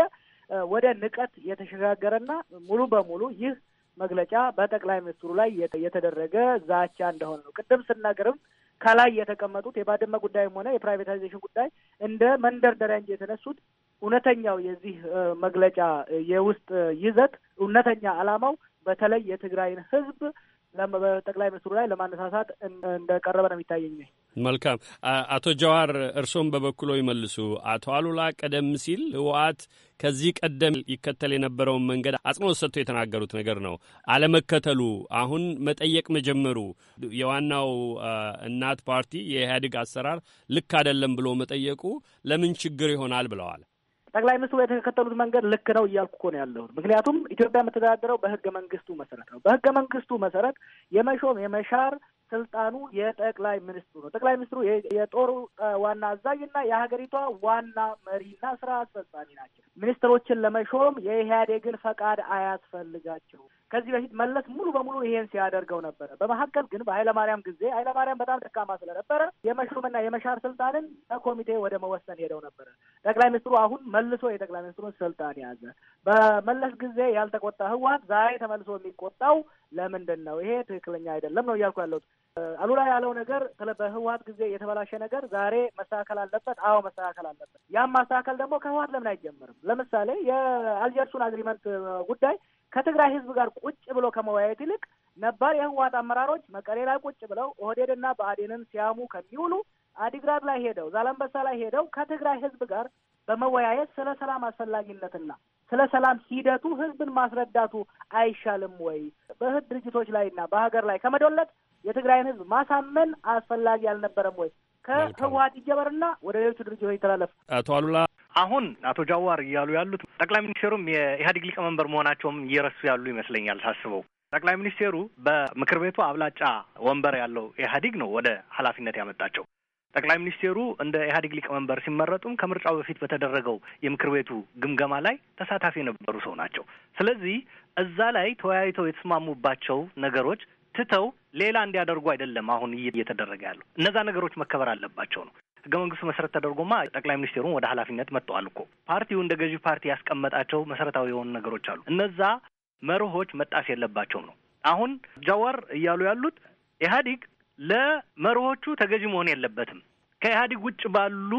ወደ ንቀት የተሸጋገረና ሙሉ በሙሉ ይህ መግለጫ በጠቅላይ ሚኒስትሩ ላይ የተደረገ ዛቻ እንደሆነ ነው። ቅድም ስናገርም ከላይ የተቀመጡት የባድመ ጉዳይም ሆነ የፕራይቬታይዜሽን ጉዳይ እንደ መንደርደሪያ እንጂ የተነሱት እውነተኛው የዚህ መግለጫ የውስጥ ይዘት እውነተኛ ዓላማው በተለይ የትግራይን ሕዝብ ጠቅላይ ሚኒስትሩ ላይ ለማነሳሳት እንደቀረበ ነው የሚታየኝ። መልካም አቶ ጀዋር እርሶም በበኩሎ ይመልሱ። አቶ አሉላ ቀደም ሲል ህወሓት ከዚህ ቀደም ይከተል የነበረውን መንገድ አጽንኦት ሰጥቶ የተናገሩት ነገር ነው። አለመከተሉ፣ አሁን መጠየቅ መጀመሩ የዋናው እናት ፓርቲ የኢህአዴግ አሰራር ልክ አይደለም ብሎ መጠየቁ ለምን ችግር ይሆናል ብለዋል። ጠቅላይ ሚኒስትሩ የተከተሉት መንገድ ልክ ነው እያልኩ እኮ ነው ያለሁት። ምክንያቱም ኢትዮጵያ የምትተዳደረው በህገ መንግስቱ መሰረት ነው። በህገ መንግስቱ መሰረት የመሾም የመሻር ስልጣኑ የጠቅላይ ሚኒስትሩ ነው። ጠቅላይ ሚኒስትሩ የጦሩ ዋና አዛዥና የሀገሪቷ ዋና መሪና ስራ አስፈጻሚ ናቸው። ሚኒስትሮችን ለመሾም የኢህአዴግን ፈቃድ አያስፈልጋቸውም። ከዚህ በፊት መለስ ሙሉ በሙሉ ይሄን ሲያደርገው ነበረ። በመካከል ግን በኃይለማርያም ጊዜ ኃይለማርያም በጣም ደካማ ስለነበረ የመሾምና የመሻር ስልጣንን ከኮሚቴ ወደ መወሰን ሄደው ነበረ። ጠቅላይ ሚኒስትሩ አሁን መልሶ የጠቅላይ ሚኒስትሩን ስልጣን ያዘ። በመለስ ጊዜ ያልተቆጣ ህወሓት ዛሬ ተመልሶ የሚቆጣው ለምንድን ነው? ይሄ ትክክለኛ አይደለም ነው እያልኩ ያለሁት። አሉላ ያለው ነገር በህወሀት ጊዜ የተበላሸ ነገር ዛሬ መስተካከል አለበት። አዎ መስተካከል አለበት። ያም ማስተካከል ደግሞ ከህወሀት ለምን አይጀምርም? ለምሳሌ የአልጀርሱን አግሪመንት ጉዳይ ከትግራይ ህዝብ ጋር ቁጭ ብሎ ከመወያየት ይልቅ ነባር የህወሀት አመራሮች መቀሌ ላይ ቁጭ ብለው ኦህዴድና ብአዴንን ሲያሙ ከሚውሉ አዲግራድ ላይ ሄደው ዛላንበሳ ላይ ሄደው ከትግራይ ህዝብ ጋር በመወያየት ስለ ሰላም አስፈላጊነትና ስለ ሰላም ሂደቱ ህዝብን ማስረዳቱ አይሻልም ወይ? በእህት ድርጅቶች ላይና በሀገር ላይ ከመዶለት የትግራይን ህዝብ ማሳመን አስፈላጊ አልነበረም ወይ? ከህወሀት ይጀበርና ወደ ሌሎቹ ድርጅቶች ይተላለፍ። አቶ አሉላ አሁን አቶ ጃዋር እያሉ ያሉት ጠቅላይ ሚኒስቴሩም የኢህአዴግ ሊቀመንበር መሆናቸውም እየረሱ ያሉ ይመስለኛል ሳስበው። ጠቅላይ ሚኒስቴሩ በምክር ቤቱ አብላጫ ወንበር ያለው ኢህአዴግ ነው ወደ ኃላፊነት ያመጣቸው። ጠቅላይ ሚኒስቴሩ እንደ ኢህአዴግ ሊቀመንበር ሲመረጡም ከምርጫው በፊት በተደረገው የምክር ቤቱ ግምገማ ላይ ተሳታፊ የነበሩ ሰው ናቸው። ስለዚህ እዛ ላይ ተወያይተው የተስማሙባቸው ነገሮች ትተው ሌላ እንዲያደርጉ አይደለም አሁን እየተደረገ ያለው። እነዛ ነገሮች መከበር አለባቸው ነው። ህገ መንግስቱ መሰረት ተደርጎማ ጠቅላይ ሚኒስትሩን ወደ ኃላፊነት መጥተዋል እኮ። ፓርቲው እንደ ገዢ ፓርቲ ያስቀመጣቸው መሰረታዊ የሆኑ ነገሮች አሉ። እነዛ መርሆች መጣስ የለባቸውም ነው። አሁን ጃዋር እያሉ ያሉት ኢህአዲግ ለመርሆቹ ተገዢ መሆን የለበትም። ከኢህአዲግ ውጭ ባሉ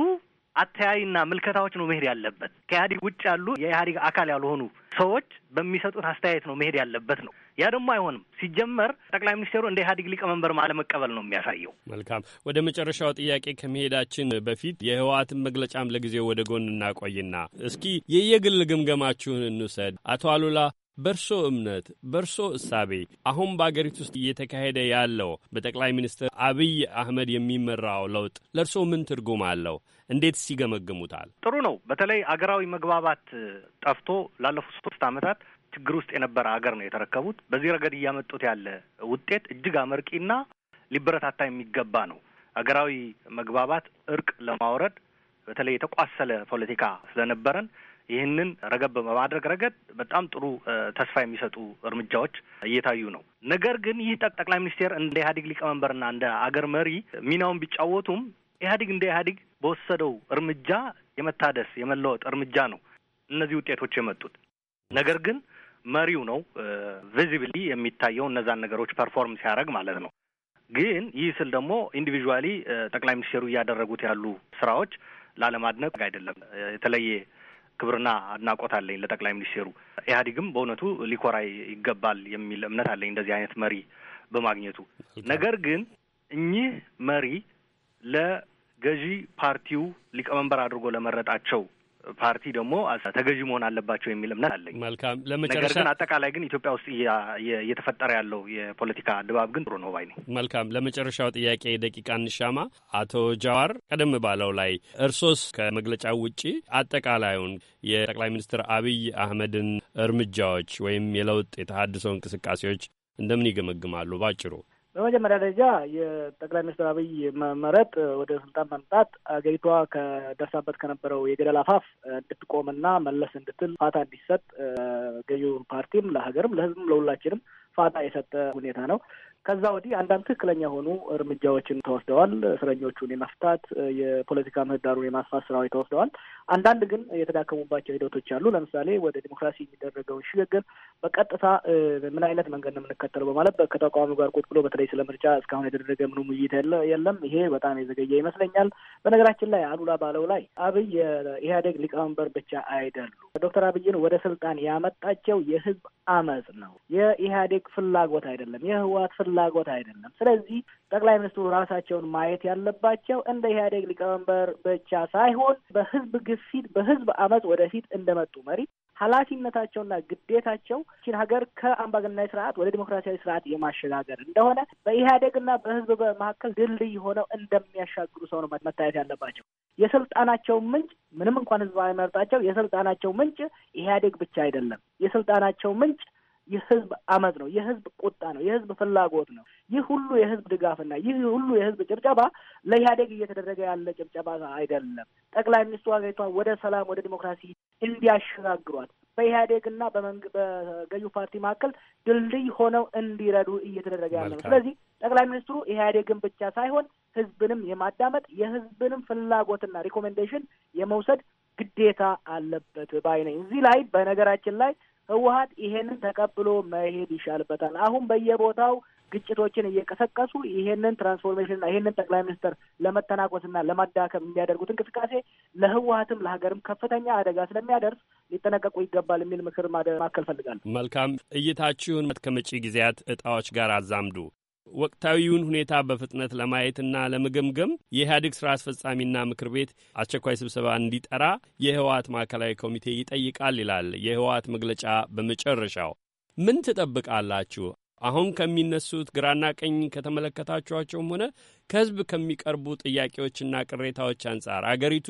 አተያይና ምልከታዎች ነው መሄድ ያለበት። ከኢህአዲግ ውጭ ያሉ የኢህአዲግ አካል ያልሆኑ ሰዎች በሚሰጡት አስተያየት ነው መሄድ ያለበት ነው። ያ ደግሞ አይሆንም። ሲጀመር ጠቅላይ ሚኒስትሩ እንደ ኢህአዴግ ሊቀመንበር አለመቀበል ነው የሚያሳየው። መልካም። ወደ መጨረሻው ጥያቄ ከመሄዳችን በፊት የህወሓትን መግለጫም ለጊዜው ወደ ጎን እናቆይና እስኪ የየግል ግምገማችሁን እንውሰድ። አቶ አሉላ በእርሶ እምነት በእርሶ እሳቤ አሁን በአገሪቱ ውስጥ እየተካሄደ ያለው በጠቅላይ ሚኒስትር አብይ አህመድ የሚመራው ለውጥ ለእርሶ ምን ትርጉም አለው? እንዴት ሲገመግሙታል? ጥሩ ነው። በተለይ አገራዊ መግባባት ጠፍቶ ላለፉት ሶስት ዓመታት ችግር ውስጥ የነበረ ሀገር ነው የተረከቡት። በዚህ ረገድ እያመጡት ያለ ውጤት እጅግ አመርቂና ሊበረታታ የሚገባ ነው። ሀገራዊ መግባባት፣ እርቅ ለማውረድ በተለይ የተቋሰለ ፖለቲካ ስለነበረን ይህንን ረገብ በማድረግ ረገድ በጣም ጥሩ ተስፋ የሚሰጡ እርምጃዎች እየታዩ ነው። ነገር ግን ይህ ጠቅላይ ሚኒስቴር እንደ ኢህአዴግ ሊቀመንበርና እንደ አገር መሪ ሚናውን ቢጫወቱም ኢህአዴግ እንደ ኢህአዴግ በወሰደው እርምጃ የመታደስ የመለወጥ እርምጃ ነው እነዚህ ውጤቶች የመጡት። ነገር ግን መሪው ነው ቪዚብሊ የሚታየው እነዛን ነገሮች ፐርፎርም ሲያደርግ ማለት ነው። ግን ይህ ስል ደግሞ ኢንዲቪዥዋሊ ጠቅላይ ሚኒስትሩ እያደረጉት ያሉ ስራዎች ላለማድነቅ አይደለም። የተለየ ክብርና አድናቆት አለኝ ለጠቅላይ ሚኒስቴሩ ኢህአዴግም በእውነቱ ሊኮራ ይገባል የሚል እምነት አለኝ እንደዚህ አይነት መሪ በማግኘቱ። ነገር ግን እኚህ መሪ ለገዢ ፓርቲው ሊቀመንበር አድርጎ ለመረጣቸው ፓርቲ ደግሞ ተገዥ መሆን አለባቸው የሚል እምነት አለኝ። መልካም ነገር ግን አጠቃላይ ግን ኢትዮጵያ ውስጥ እየተፈጠረ ያለው የፖለቲካ ድባብ ግን ጥሩ ነው ባይ ነኝ። መልካም ለመጨረሻው ጥያቄ ደቂቃ እንሻማ። አቶ ጃዋር ቀደም ባለው ላይ እርሶስ ከመግለጫው ውጪ አጠቃላዩን የጠቅላይ ሚኒስትር አብይ አህመድን እርምጃዎች ወይም የለውጥ የተሃድሶ እንቅስቃሴዎች እንደምን ይገመግማሉ? ባጭሩ በመጀመሪያ ደረጃ የጠቅላይ ሚኒስትር አብይ መመረጥ ወደ ስልጣን መምጣት አገሪቷ ከደርሳበት ከነበረው የገደል አፋፍ እንድትቆምና መለስ እንድትል ፋታ እንዲሰጥ ገዢው ፓርቲም ለሀገርም ለህዝብም ለሁላችንም ፋታ የሰጠ ሁኔታ ነው። ከዛ ወዲህ አንዳንድ ትክክለኛ የሆኑ እርምጃዎችን ተወስደዋል። እስረኞቹን የመፍታት የፖለቲካ ምህዳሩን የማስፋት ስራዎች ተወስደዋል። አንዳንድ ግን የተዳከሙባቸው ሂደቶች አሉ። ለምሳሌ ወደ ዲሞክራሲ የሚደረገውን ሽግግር በቀጥታ ምን አይነት መንገድ ነው የምንከተለው በማለት ከተቃዋሚ ጋር ቁጭ ብሎ በተለይ ስለ ምርጫ እስካሁን የተደረገ ምንም ውይይት የለም። ይሄ በጣም የዘገየ ይመስለኛል። በነገራችን ላይ አሉላ ባለው ላይ አብይ የኢህአዴግ ሊቀመንበር ብቻ አይደሉ ዶክተር አብይን ወደ ስልጣን ያመጣቸው የህዝብ አመፅ ነው። የኢህአዴግ ፍላጎት አይደለም፣ የህወሓት ፍላጎት አይደለም። ስለዚህ ጠቅላይ ሚኒስትሩ ራሳቸውን ማየት ያለባቸው እንደ ኢህአዴግ ሊቀመንበር ብቻ ሳይሆን በህዝብ ግፊት፣ በህዝብ አመፅ ወደፊት እንደመጡ መሪ ኃላፊነታቸውና ግዴታቸው ቺን ሀገር ከአምባገናዊ ስርዓት ወደ ዲሞክራሲያዊ ስርዓት የማሸጋገር እንደሆነ በኢህአዴግና በህዝብ መካከል ድልድይ ሆነው እንደሚያሻግሩ ሰው ነው መታየት ያለባቸው። የስልጣናቸው ምንጭ ምንም እንኳን ህዝብ አይመርጣቸው፣ የስልጣናቸው ምንጭ ኢህአዴግ ብቻ አይደለም። የስልጣናቸው ምንጭ የህዝብ አመፅ ነው፣ የህዝብ ቁጣ ነው፣ የህዝብ ፍላጎት ነው። ይህ ሁሉ የህዝብ ድጋፍና ይህ ሁሉ የህዝብ ጭብጨባ ለኢህአዴግ እየተደረገ ያለ ጭብጨባ አይደለም። ጠቅላይ ሚኒስትሩ ሀገሪቷን ወደ ሰላም፣ ወደ ዲሞክራሲ እንዲያሸጋግሯት በኢህአዴግና በገዩ ፓርቲ መካከል ድልድይ ሆነው እንዲረዱ እየተደረገ ያለ ነው። ስለዚህ ጠቅላይ ሚኒስትሩ ኢህአዴግን ብቻ ሳይሆን ህዝብንም የማዳመጥ የህዝብንም ፍላጎትና ሪኮሜንዴሽን የመውሰድ ግዴታ አለበት ባይ ነኝ። እዚህ ላይ በነገራችን ላይ ህወሀት ይሄንን ተቀብሎ መሄድ ይሻልበታል። አሁን በየቦታው ግጭቶችን እየቀሰቀሱ ይሄንን ትራንስፎርሜሽንና ይሄንን ጠቅላይ ሚኒስትር ለመተናኮስና ለማዳከም የሚያደርጉት እንቅስቃሴ ለህወሀትም ለሀገርም ከፍተኛ አደጋ ስለሚያደርስ ሊጠነቀቁ ይገባል የሚል ምክር ማከል ፈልጋለሁ። መልካም እይታችሁን ከመጪ ጊዜያት እጣዎች ጋር አዛምዱ። ወቅታዊውን ሁኔታ በፍጥነት ለማየትና ለመገምገም የኢህአዴግ ስራ አስፈጻሚና ምክር ቤት አስቸኳይ ስብሰባ እንዲጠራ የህወሓት ማዕከላዊ ኮሚቴ ይጠይቃል ይላል የህወሓት መግለጫ በመጨረሻው። ምን ትጠብቃላችሁ? አሁን ከሚነሱት ግራና ቀኝ ከተመለከታችኋቸውም ሆነ ከህዝብ ከሚቀርቡ ጥያቄዎችና ቅሬታዎች አንጻር አገሪቱ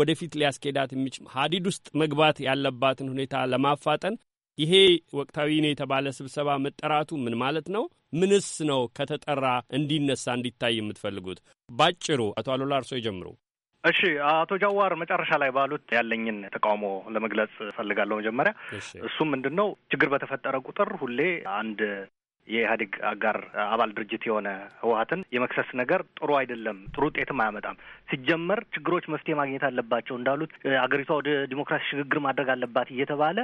ወደፊት ሊያስኬዳት የሚችል ሀዲድ ውስጥ መግባት ያለባትን ሁኔታ ለማፋጠን ይሄ ወቅታዊ ነው የተባለ ስብሰባ መጠራቱ ምን ማለት ነው? ምንስ ነው ከተጠራ እንዲነሳ እንዲታይ የምትፈልጉት? ባጭሩ አቶ አሉላ እርሶ ይጀምሩ። እሺ አቶ ጃዋር መጨረሻ ላይ ባሉት ያለኝን ተቃውሞ ለመግለጽ እፈልጋለሁ። መጀመሪያ እሱም ምንድን ነው ችግር በተፈጠረ ቁጥር ሁሌ አንድ የኢህአዴግ አጋር አባል ድርጅት የሆነ ህወሀትን የመክሰስ ነገር ጥሩ አይደለም፣ ጥሩ ውጤትም አያመጣም። ሲጀመር ችግሮች መፍትሄ ማግኘት አለባቸው እንዳሉት አገሪቷ ወደ ዲሞክራሲ ሽግግር ማድረግ አለባት እየተባለ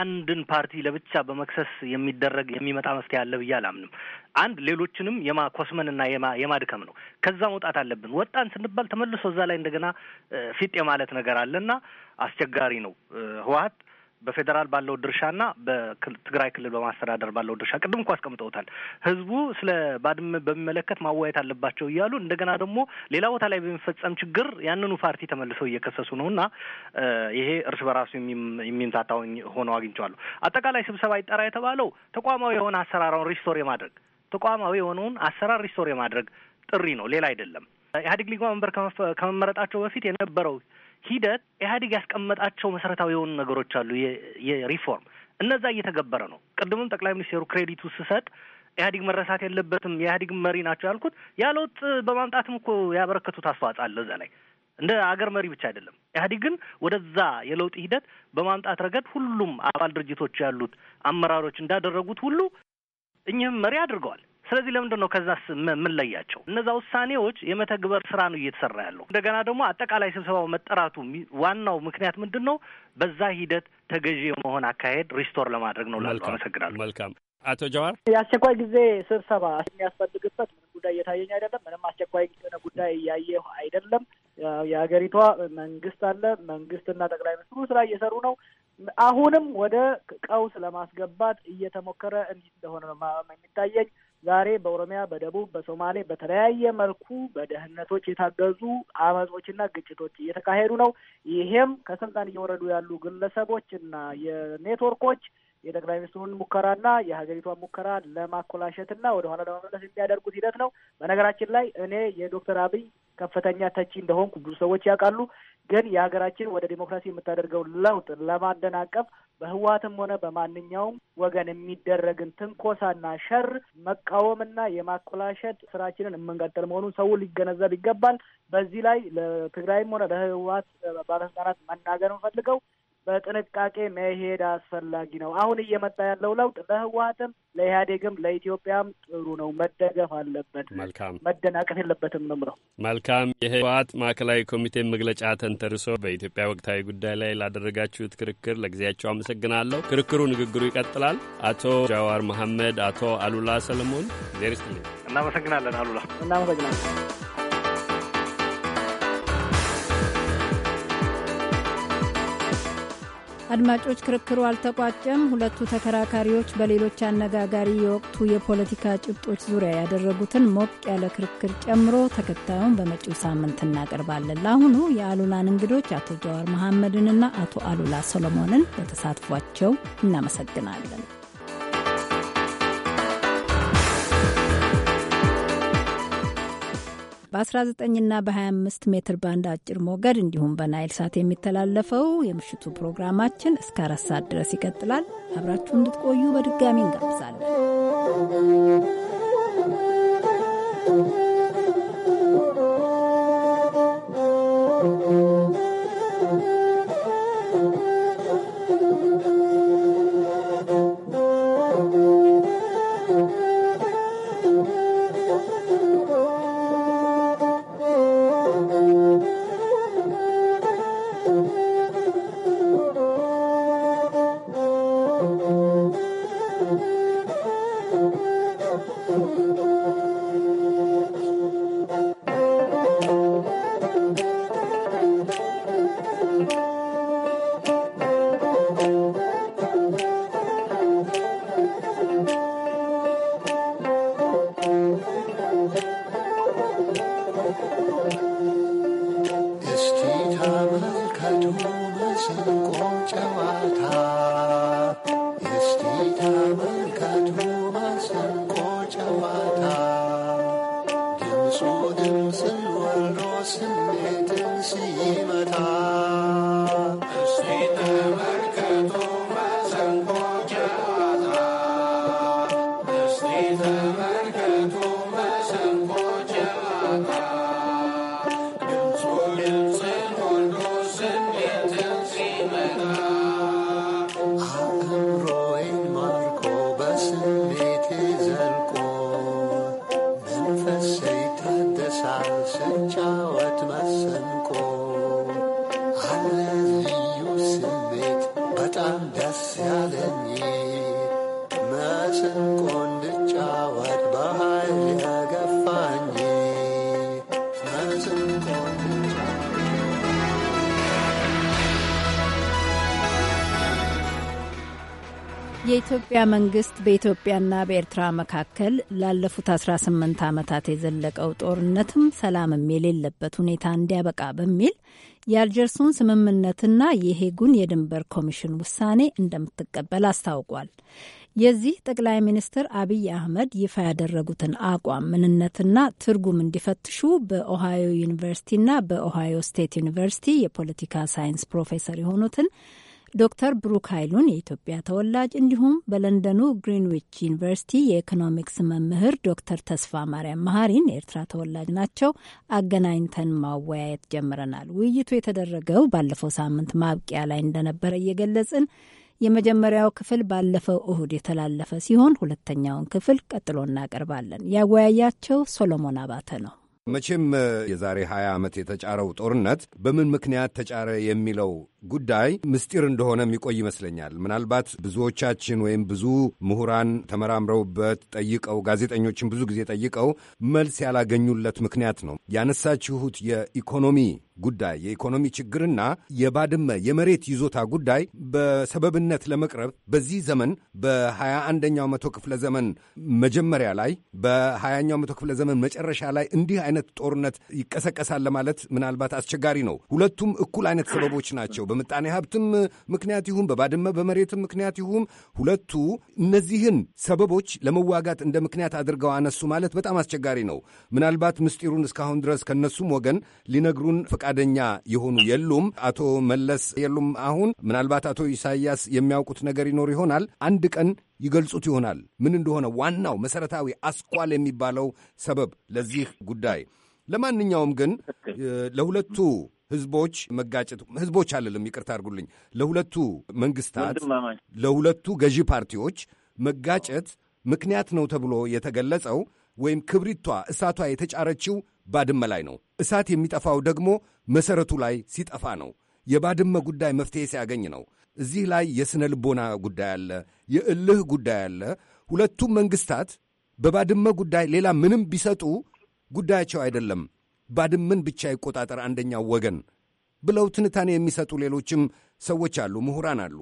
አንድን ፓርቲ ለብቻ በመክሰስ የሚደረግ የሚመጣ መፍትሄ አለ ብዬ አላምንም። አንድ ሌሎችንም የማኮስመንና የማድከም ነው። ከዛ መውጣት አለብን። ወጣን ስንባል ተመልሶ እዛ ላይ እንደገና ፊጥ የማለት ነገር አለና አስቸጋሪ ነው። ህወሀት በፌዴራል ባለው ድርሻና በትግራይ ክልል በማስተዳደር ባለው ድርሻ ቅድም እኮ አስቀምጠውታል። ህዝቡ ስለ ባድመ በሚመለከት ማወያየት አለባቸው እያሉ እንደገና ደግሞ ሌላ ቦታ ላይ በሚፈጸም ችግር ያንኑ ፓርቲ ተመልሰው እየከሰሱ ነው እና ይሄ እርስ በራሱ የሚንዛታው ሆነው አግኝቸዋሉ። አጠቃላይ ስብሰባ ይጠራ የተባለው ተቋማዊ የሆነ አሰራራውን ሪስቶር የማድረግ ተቋማዊ የሆነውን አሰራር ሪስቶር የማድረግ ጥሪ ነው፣ ሌላ አይደለም። ኢህአዴግ ሊቀመንበር ከመመረጣቸው በፊት የነበረው ሂደት ኢህአዴግ ያስቀመጣቸው መሰረታዊ የሆኑ ነገሮች አሉ። የሪፎርም እነዛ እየተገበረ ነው። ቅድምም ጠቅላይ ሚኒስትሩ ክሬዲቱ ስሰጥ ኢህአዴግ መረሳት የለበትም የኢህአዴግ መሪ ናቸው ያልኩት ያ ለውጥ በማምጣትም እኮ ያበረከቱት አስተዋጽኦ አለ እዛ ላይ እንደ አገር መሪ ብቻ አይደለም። ኢህአዴግ ግን ወደዛ የለውጥ ሂደት በማምጣት ረገድ ሁሉም አባል ድርጅቶች ያሉት አመራሮች እንዳደረጉት ሁሉ እኚህም መሪ አድርገዋል። ስለዚህ ለምንድን ነው ከዛ የምንለያቸው? እነዛ ውሳኔዎች የመተግበር ስራ ነው እየተሰራ ያለው። እንደገና ደግሞ አጠቃላይ ስብሰባው መጠራቱ ዋናው ምክንያት ምንድን ነው? በዛ ሂደት ተገዢ የመሆን አካሄድ ሪስቶር ለማድረግ ነው ላሉ አመሰግናለሁ። መልካም አቶ ጀዋር የአስቸኳይ ጊዜ ስብሰባ የሚያስፈልግበት ምንም ጉዳይ እየታየኝ አይደለም። ምንም አስቸኳይ የሆነ ጉዳይ እያየ አይደለም። የሀገሪቷ መንግስት አለ። መንግስትና ጠቅላይ ሚኒስትሩ ስራ እየሰሩ ነው። አሁንም ወደ ቀውስ ለማስገባት እየተሞከረ እንደሆነ ነው የሚታየኝ። ዛሬ በኦሮሚያ፣ በደቡብ፣ በሶማሌ በተለያየ መልኩ በደህንነቶች የታገዙ አመጾችና ግጭቶች እየተካሄዱ ነው። ይሄም ከስልጣን እየወረዱ ያሉ ግለሰቦችና የኔትወርኮች የጠቅላይ ሚኒስትሩን ሙከራና የሀገሪቷን ሙከራ ለማኮላሸትና ወደኋላ ለመመለስ የሚያደርጉት ሂደት ነው። በነገራችን ላይ እኔ የዶክተር አብይ ከፍተኛ ተቺ እንደሆንኩ ብዙ ሰዎች ያውቃሉ። ግን የሀገራችን ወደ ዲሞክራሲ የምታደርገው ለውጥ ለማደናቀፍ በህወሓትም ሆነ በማንኛውም ወገን የሚደረግን ትንኮሳና ሸር መቃወምና የማኮላሸት ስራችንን የምንቀጥል መሆኑን ሰው ሊገነዘብ ይገባል። በዚህ ላይ ለትግራይም ሆነ ለህወሓት ባለስልጣናት መናገር የምፈልገው በጥንቃቄ መሄድ አስፈላጊ ነው። አሁን እየመጣ ያለው ለውጥ ለህወሀትም ለኢህአዴግም፣ ለኢትዮጵያም ጥሩ ነው። መደገፍ አለበት። መልካም መደናቀፍ የለበትም ነው መልካም የህወሀት ማዕከላዊ ኮሚቴ መግለጫ ተንተርሶ በኢትዮጵያ ወቅታዊ ጉዳይ ላይ ላደረጋችሁት ክርክር ለጊዜያቸው አመሰግናለሁ። ክርክሩ ንግግሩ ይቀጥላል። አቶ ጃዋር መሐመድ፣ አቶ አሉላ ሰለሞን ዜርስትልኝ እናመሰግናለን። አሉላ እናመሰግናለን። አድማጮች፣ ክርክሩ አልተቋጨም። ሁለቱ ተከራካሪዎች በሌሎች አነጋጋሪ የወቅቱ የፖለቲካ ጭብጦች ዙሪያ ያደረጉትን ሞቅ ያለ ክርክር ጨምሮ ተከታዩን በመጪው ሳምንት እናቀርባለን። ለአሁኑ የአሉላን እንግዶች አቶ ጀዋር መሐመድንና አቶ አሉላ ሰሎሞንን ለተሳትፏቸው እናመሰግናለን። በ19ና በ25 ሜትር ባንድ አጭር ሞገድ እንዲሁም በናይል ሳት የሚተላለፈው የምሽቱ ፕሮግራማችን እስከ አራት ሰዓት ድረስ ይቀጥላል። አብራችሁ እንድትቆዩ በድጋሚ እንጋብዛለን። Thank you. የኢትዮጵያ መንግስት በኢትዮጵያና በኤርትራ መካከል ላለፉት 18 ዓመታት የዘለቀው ጦርነትም ሰላምም የሌለበት ሁኔታ እንዲያበቃ በሚል የአልጀርሱን ስምምነትና የሄጉን የድንበር ኮሚሽን ውሳኔ እንደምትቀበል አስታውቋል። የዚህ ጠቅላይ ሚኒስትር አብይ አህመድ ይፋ ያደረጉትን አቋም ምንነትና ትርጉም እንዲፈትሹ በኦሃዮ ዩኒቨርሲቲና በኦሃዮ ስቴት ዩኒቨርሲቲ የፖለቲካ ሳይንስ ፕሮፌሰር የሆኑትን ዶክተር ብሩክ ኃይሉን የኢትዮጵያ ተወላጅ እንዲሁም በለንደኑ ግሪንዊች ዩኒቨርሲቲ የኢኮኖሚክስ መምህር ዶክተር ተስፋ ማርያም መሀሪን የኤርትራ ተወላጅ ናቸው አገናኝተን ማወያየት ጀምረናል። ውይይቱ የተደረገው ባለፈው ሳምንት ማብቂያ ላይ እንደነበረ እየገለጽን የመጀመሪያው ክፍል ባለፈው እሁድ የተላለፈ ሲሆን ሁለተኛውን ክፍል ቀጥሎ እናቀርባለን። ያወያያቸው ሶሎሞን አባተ ነው። መቼም የዛሬ 20 ዓመት የተጫረው ጦርነት በምን ምክንያት ተጫረ የሚለው ጉዳይ ምስጢር እንደሆነ የሚቆይ ይመስለኛል። ምናልባት ብዙዎቻችን ወይም ብዙ ምሁራን ተመራምረውበት ጠይቀው፣ ጋዜጠኞችን ብዙ ጊዜ ጠይቀው መልስ ያላገኙለት ምክንያት ነው። ያነሳችሁት የኢኮኖሚ ጉዳይ የኢኮኖሚ ችግርና የባድመ የመሬት ይዞታ ጉዳይ በሰበብነት ለመቅረብ በዚህ ዘመን በሃያ አንደኛው መቶ ክፍለ ዘመን መጀመሪያ ላይ በሃያኛው መቶ ክፍለ ዘመን መጨረሻ ላይ እንዲህ አይነት ጦርነት ይቀሰቀሳል ለማለት ምናልባት አስቸጋሪ ነው። ሁለቱም እኩል አይነት ሰበቦች ናቸው። በምጣኔ ሀብትም ምክንያት ይሁን በባድመ በመሬትም ምክንያት ይሁን ሁለቱ እነዚህን ሰበቦች ለመዋጋት እንደ ምክንያት አድርገው አነሱ ማለት በጣም አስቸጋሪ ነው። ምናልባት ምስጢሩን እስካሁን ድረስ ከነሱም ወገን ሊነግሩን ፈቃደኛ የሆኑ የሉም። አቶ መለስ የሉም። አሁን ምናልባት አቶ ኢሳያስ የሚያውቁት ነገር ይኖር ይሆናል። አንድ ቀን ይገልጹት ይሆናል። ምን እንደሆነ ዋናው መሰረታዊ አስኳል የሚባለው ሰበብ ለዚህ ጉዳይ። ለማንኛውም ግን ለሁለቱ ህዝቦች መጋጨት ህዝቦች አለልም፣ ይቅርታ አድርጉልኝ፣ ለሁለቱ መንግስታት፣ ለሁለቱ ገዢ ፓርቲዎች መጋጨት ምክንያት ነው ተብሎ የተገለጸው ወይም ክብሪቷ እሳቷ የተጫረችው ባድመ ላይ ነው። እሳት የሚጠፋው ደግሞ መሰረቱ ላይ ሲጠፋ ነው። የባድመ ጉዳይ መፍትሄ ሲያገኝ ነው። እዚህ ላይ የሥነ ልቦና ጉዳይ አለ፣ የእልህ ጉዳይ አለ። ሁለቱም መንግስታት በባድመ ጉዳይ ሌላ ምንም ቢሰጡ ጉዳያቸው አይደለም። ባድመን ብቻ ይቆጣጠር አንደኛው ወገን ብለው ትንታኔ የሚሰጡ ሌሎችም ሰዎች አሉ፣ ምሁራን አሉ።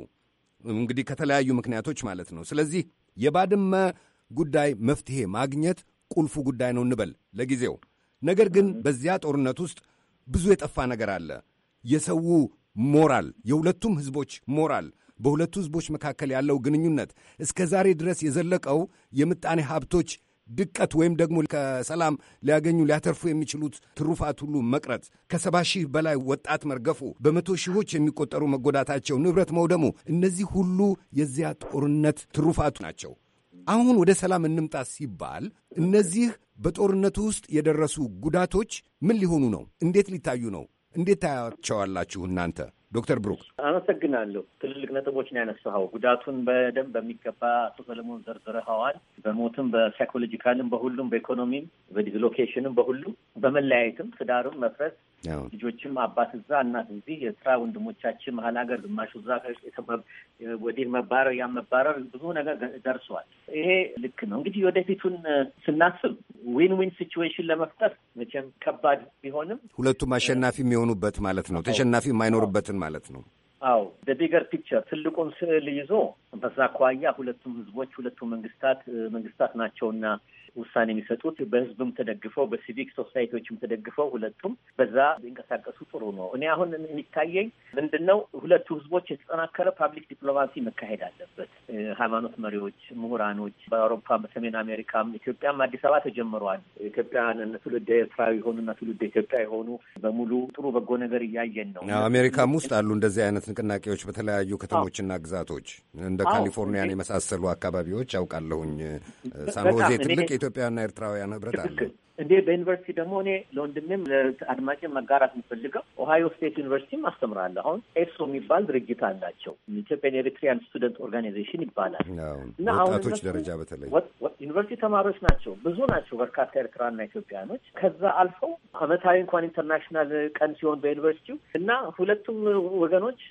እንግዲህ ከተለያዩ ምክንያቶች ማለት ነው። ስለዚህ የባድመ ጉዳይ መፍትሄ ማግኘት ቁልፉ ጉዳይ ነው እንበል ለጊዜው። ነገር ግን በዚያ ጦርነት ውስጥ ብዙ የጠፋ ነገር አለ። የሰው ሞራል፣ የሁለቱም ህዝቦች ሞራል፣ በሁለቱ ህዝቦች መካከል ያለው ግንኙነት እስከ ዛሬ ድረስ የዘለቀው የምጣኔ ሀብቶች ድቀት ወይም ደግሞ ከሰላም ሊያገኙ ሊያተርፉ የሚችሉት ትሩፋት ሁሉ መቅረት፣ ከሰባ ሺህ በላይ ወጣት መርገፉ፣ በመቶ ሺዎች የሚቆጠሩ መጎዳታቸው፣ ንብረት መውደሙ፣ እነዚህ ሁሉ የዚያ ጦርነት ትሩፋቱ ናቸው። አሁን ወደ ሰላም እንምጣ ሲባል እነዚህ በጦርነቱ ውስጥ የደረሱ ጉዳቶች ምን ሊሆኑ ነው? እንዴት ሊታዩ ነው? እንዴት ታያቸዋላችሁ እናንተ? ዶክተር ብሩክ አመሰግናለሁ። ትልልቅ ነጥቦችን ያነሳኸው ጉዳቱን በደንብ በሚገባ አቶ ሰለሞን ዘርዝረኸዋል። በሞትም፣ በሳይኮሎጂካልም፣ በሁሉም በኢኮኖሚም፣ በዲስሎኬሽንም፣ በሁሉም በመለያየትም፣ ትዳርም መፍረስ ልጆችም አባት እዛ እናት እዚህ የስራ ወንድሞቻችን መሀል ሀገር ግማሹ እዛ ወዲህ መባረር ያን መባረር ብዙ ነገር ደርሰዋል። ይሄ ልክ ነው። እንግዲህ ወደፊቱን ስናስብ ዊን ዊን ሲቹዌሽን ለመፍጠር መቼም ከባድ ቢሆንም ሁለቱም አሸናፊ የሚሆኑበት ማለት ነው፣ ተሸናፊ የማይኖርበትን ማለት ነው። አው በቢገር ፒክቸር ትልቁን ስዕል ይዞ በዛ አኳያ ሁለቱም ህዝቦች ሁለቱም መንግስታት መንግስታት ናቸውና ውሳኔ የሚሰጡት በህዝብም ተደግፈው በሲቪክ ሶሳይቲዎችም ተደግፈው ሁለቱም በዛ ሊንቀሳቀሱ ጥሩ ነው። እኔ አሁን የሚታየኝ ምንድን ነው ሁለቱ ህዝቦች የተጠናከረ ፓብሊክ ዲፕሎማሲ መካሄድ አለበት። ሃይማኖት መሪዎች፣ ምሁራኖች በአውሮፓ በሰሜን አሜሪካም ኢትዮጵያም አዲስ አበባ ተጀምረዋል። ኢትዮጵያን ትውልድ ኤርትራዊ የሆኑና ትውልድ ኢትዮጵያ የሆኑ በሙሉ ጥሩ በጎ ነገር እያየን ነው። አሜሪካም ውስጥ አሉ እንደዚህ አይነት ንቅናቄዎች በተለያዩ ከተሞችና ግዛቶች እንደ ካሊፎርኒያን የመሳሰሉ አካባቢዎች አውቃለሁኝ። ሳንሆዜ ትልቅ ኢትዮጵያና ኤርትራውያን ህብረት አለ። እንዴ በዩኒቨርሲቲ ደግሞ እኔ ለወንድሜም አድማጭ መጋራት የምፈልገው ኦሃዮ ስቴት ዩኒቨርሲቲም አስተምራለሁ። አሁን ኤፕሶ የሚባል ድርጅት አላቸው። ኢትዮጵያን ኤሪትሪያን ስቱደንት ኦርጋናይዜሽን ይባላል። እና ወጣቶች ደረጃ በተለይ ዩኒቨርሲቲ ተማሪዎች ናቸው፣ ብዙ ናቸው፣ በርካታ ኤርትራና ኢትዮጵያኖች። ከዛ አልፈው አመታዊ እንኳን ኢንተርናሽናል ቀን ሲሆን በዩኒቨርሲቲው እና ሁለቱም ወገኖች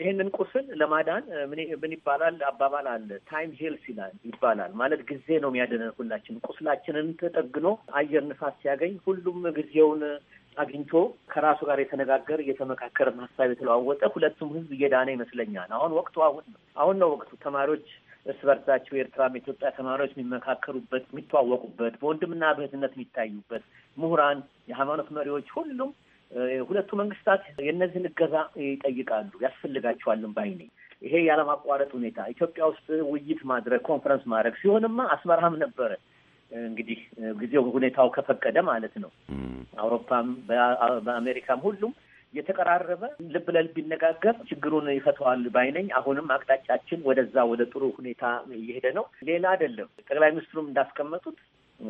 ይህንን ቁስል ለማዳን ምን ይባላል? አባባል አለ ታይም ሄልስ ይላል ይባላል። ማለት ጊዜ ነው የሚያደነን። ሁላችን ቁስላችንን ተጠግኖ አየር ንፋስ ሲያገኝ ሁሉም ጊዜውን አግኝቶ ከራሱ ጋር የተነጋገር እየተመካከረ ሀሳብ የተለዋወጠ ሁለቱም ህዝብ እየዳነ ይመስለኛል። አሁን ወቅቱ አሁን ነው አሁን ነው ወቅቱ ተማሪዎች እርስ በርሳቸው የኤርትራም የኢትዮጵያ ተማሪዎች የሚመካከሩበት፣ የሚተዋወቁበት፣ በወንድምና እህትነት የሚታዩበት፣ ምሁራን፣ የሃይማኖት መሪዎች ሁሉም ሁለቱ መንግስታት የእነዚህን እገዛ ይጠይቃሉ፣ ያስፈልጋቸዋልም ባይ ነኝ። ይሄ ያለማቋረጥ ሁኔታ ኢትዮጵያ ውስጥ ውይይት ማድረግ ኮንፈረንስ ማድረግ ሲሆንማ አስመራም ነበረ እንግዲህ ጊዜው ሁኔታው ከፈቀደ ማለት ነው። አውሮፓም በአሜሪካም ሁሉም የተቀራረበ ልብ ለልብ ይነጋገር ችግሩን ይፈተዋል ባይነኝ። አሁንም አቅጣጫችን ወደዛ ወደ ጥሩ ሁኔታ እየሄደ ነው። ሌላ አይደለም። ጠቅላይ ሚኒስትሩም እንዳስቀመጡት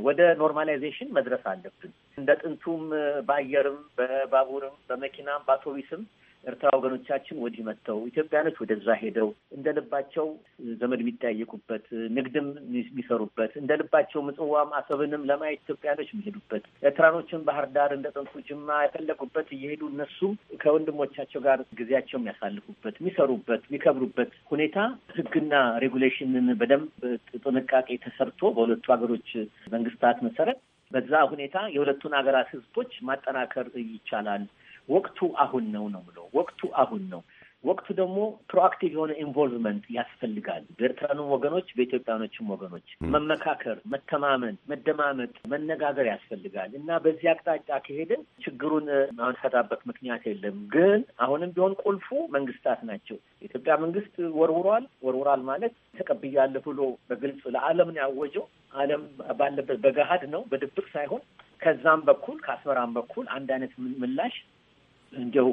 ወደ ኖርማላይዜሽን መድረስ አለብን። እንደ ጥንቱም በአየርም፣ በባቡርም፣ በመኪናም፣ በአውቶቢስም ኤርትራ ወገኖቻችን ወዲህ መጥተው ኢትዮጵያኖች ወደዛ ሄደው እንደ ልባቸው ዘመድ የሚጠያየቁበት ንግድም የሚሰሩበት እንደ ልባቸው ምጽዋም አሰብንም ለማየት ኢትዮጵያኖች የሚሄዱበት ኤርትራኖችን ባህር ዳር እንደ ጥንቱ ጅማ የፈለጉበት እየሄዱ እነሱም ከወንድሞቻቸው ጋር ጊዜያቸው የሚያሳልፉበት የሚሰሩበት የሚከብሩበት ሁኔታ ህግና ሬጉሌሽንን በደንብ ጥንቃቄ ተሰርቶ በሁለቱ ሀገሮች መንግስታት መሰረት በዛ ሁኔታ የሁለቱን ሀገራት ህዝቦች ማጠናከር ይቻላል። ወቅቱ አሁን ነው ነው ብሎ ወቅቱ አሁን ነው። ወቅቱ ደግሞ ፕሮአክቲቭ የሆነ ኢንቮልቭመንት ያስፈልጋል። በኤርትራንም ወገኖች በኢትዮጵያኖችም ወገኖች መመካከር፣ መተማመን፣ መደማመጥ፣ መነጋገር ያስፈልጋል እና በዚህ አቅጣጫ ከሄድን ችግሩን ማንፈታበት ምክንያት የለም። ግን አሁንም ቢሆን ቁልፉ መንግስታት ናቸው። የኢትዮጵያ መንግስት ወርውሯል። ወርውሯል ማለት ተቀብያለሁ ብሎ በግልጽ ለዓለም ነው ያወጀው። ዓለም ባለበት በገሀድ ነው በድብቅ ሳይሆን ከዛም በኩል ከአስመራም በኩል አንድ አይነት ምላሽ እንዲሁ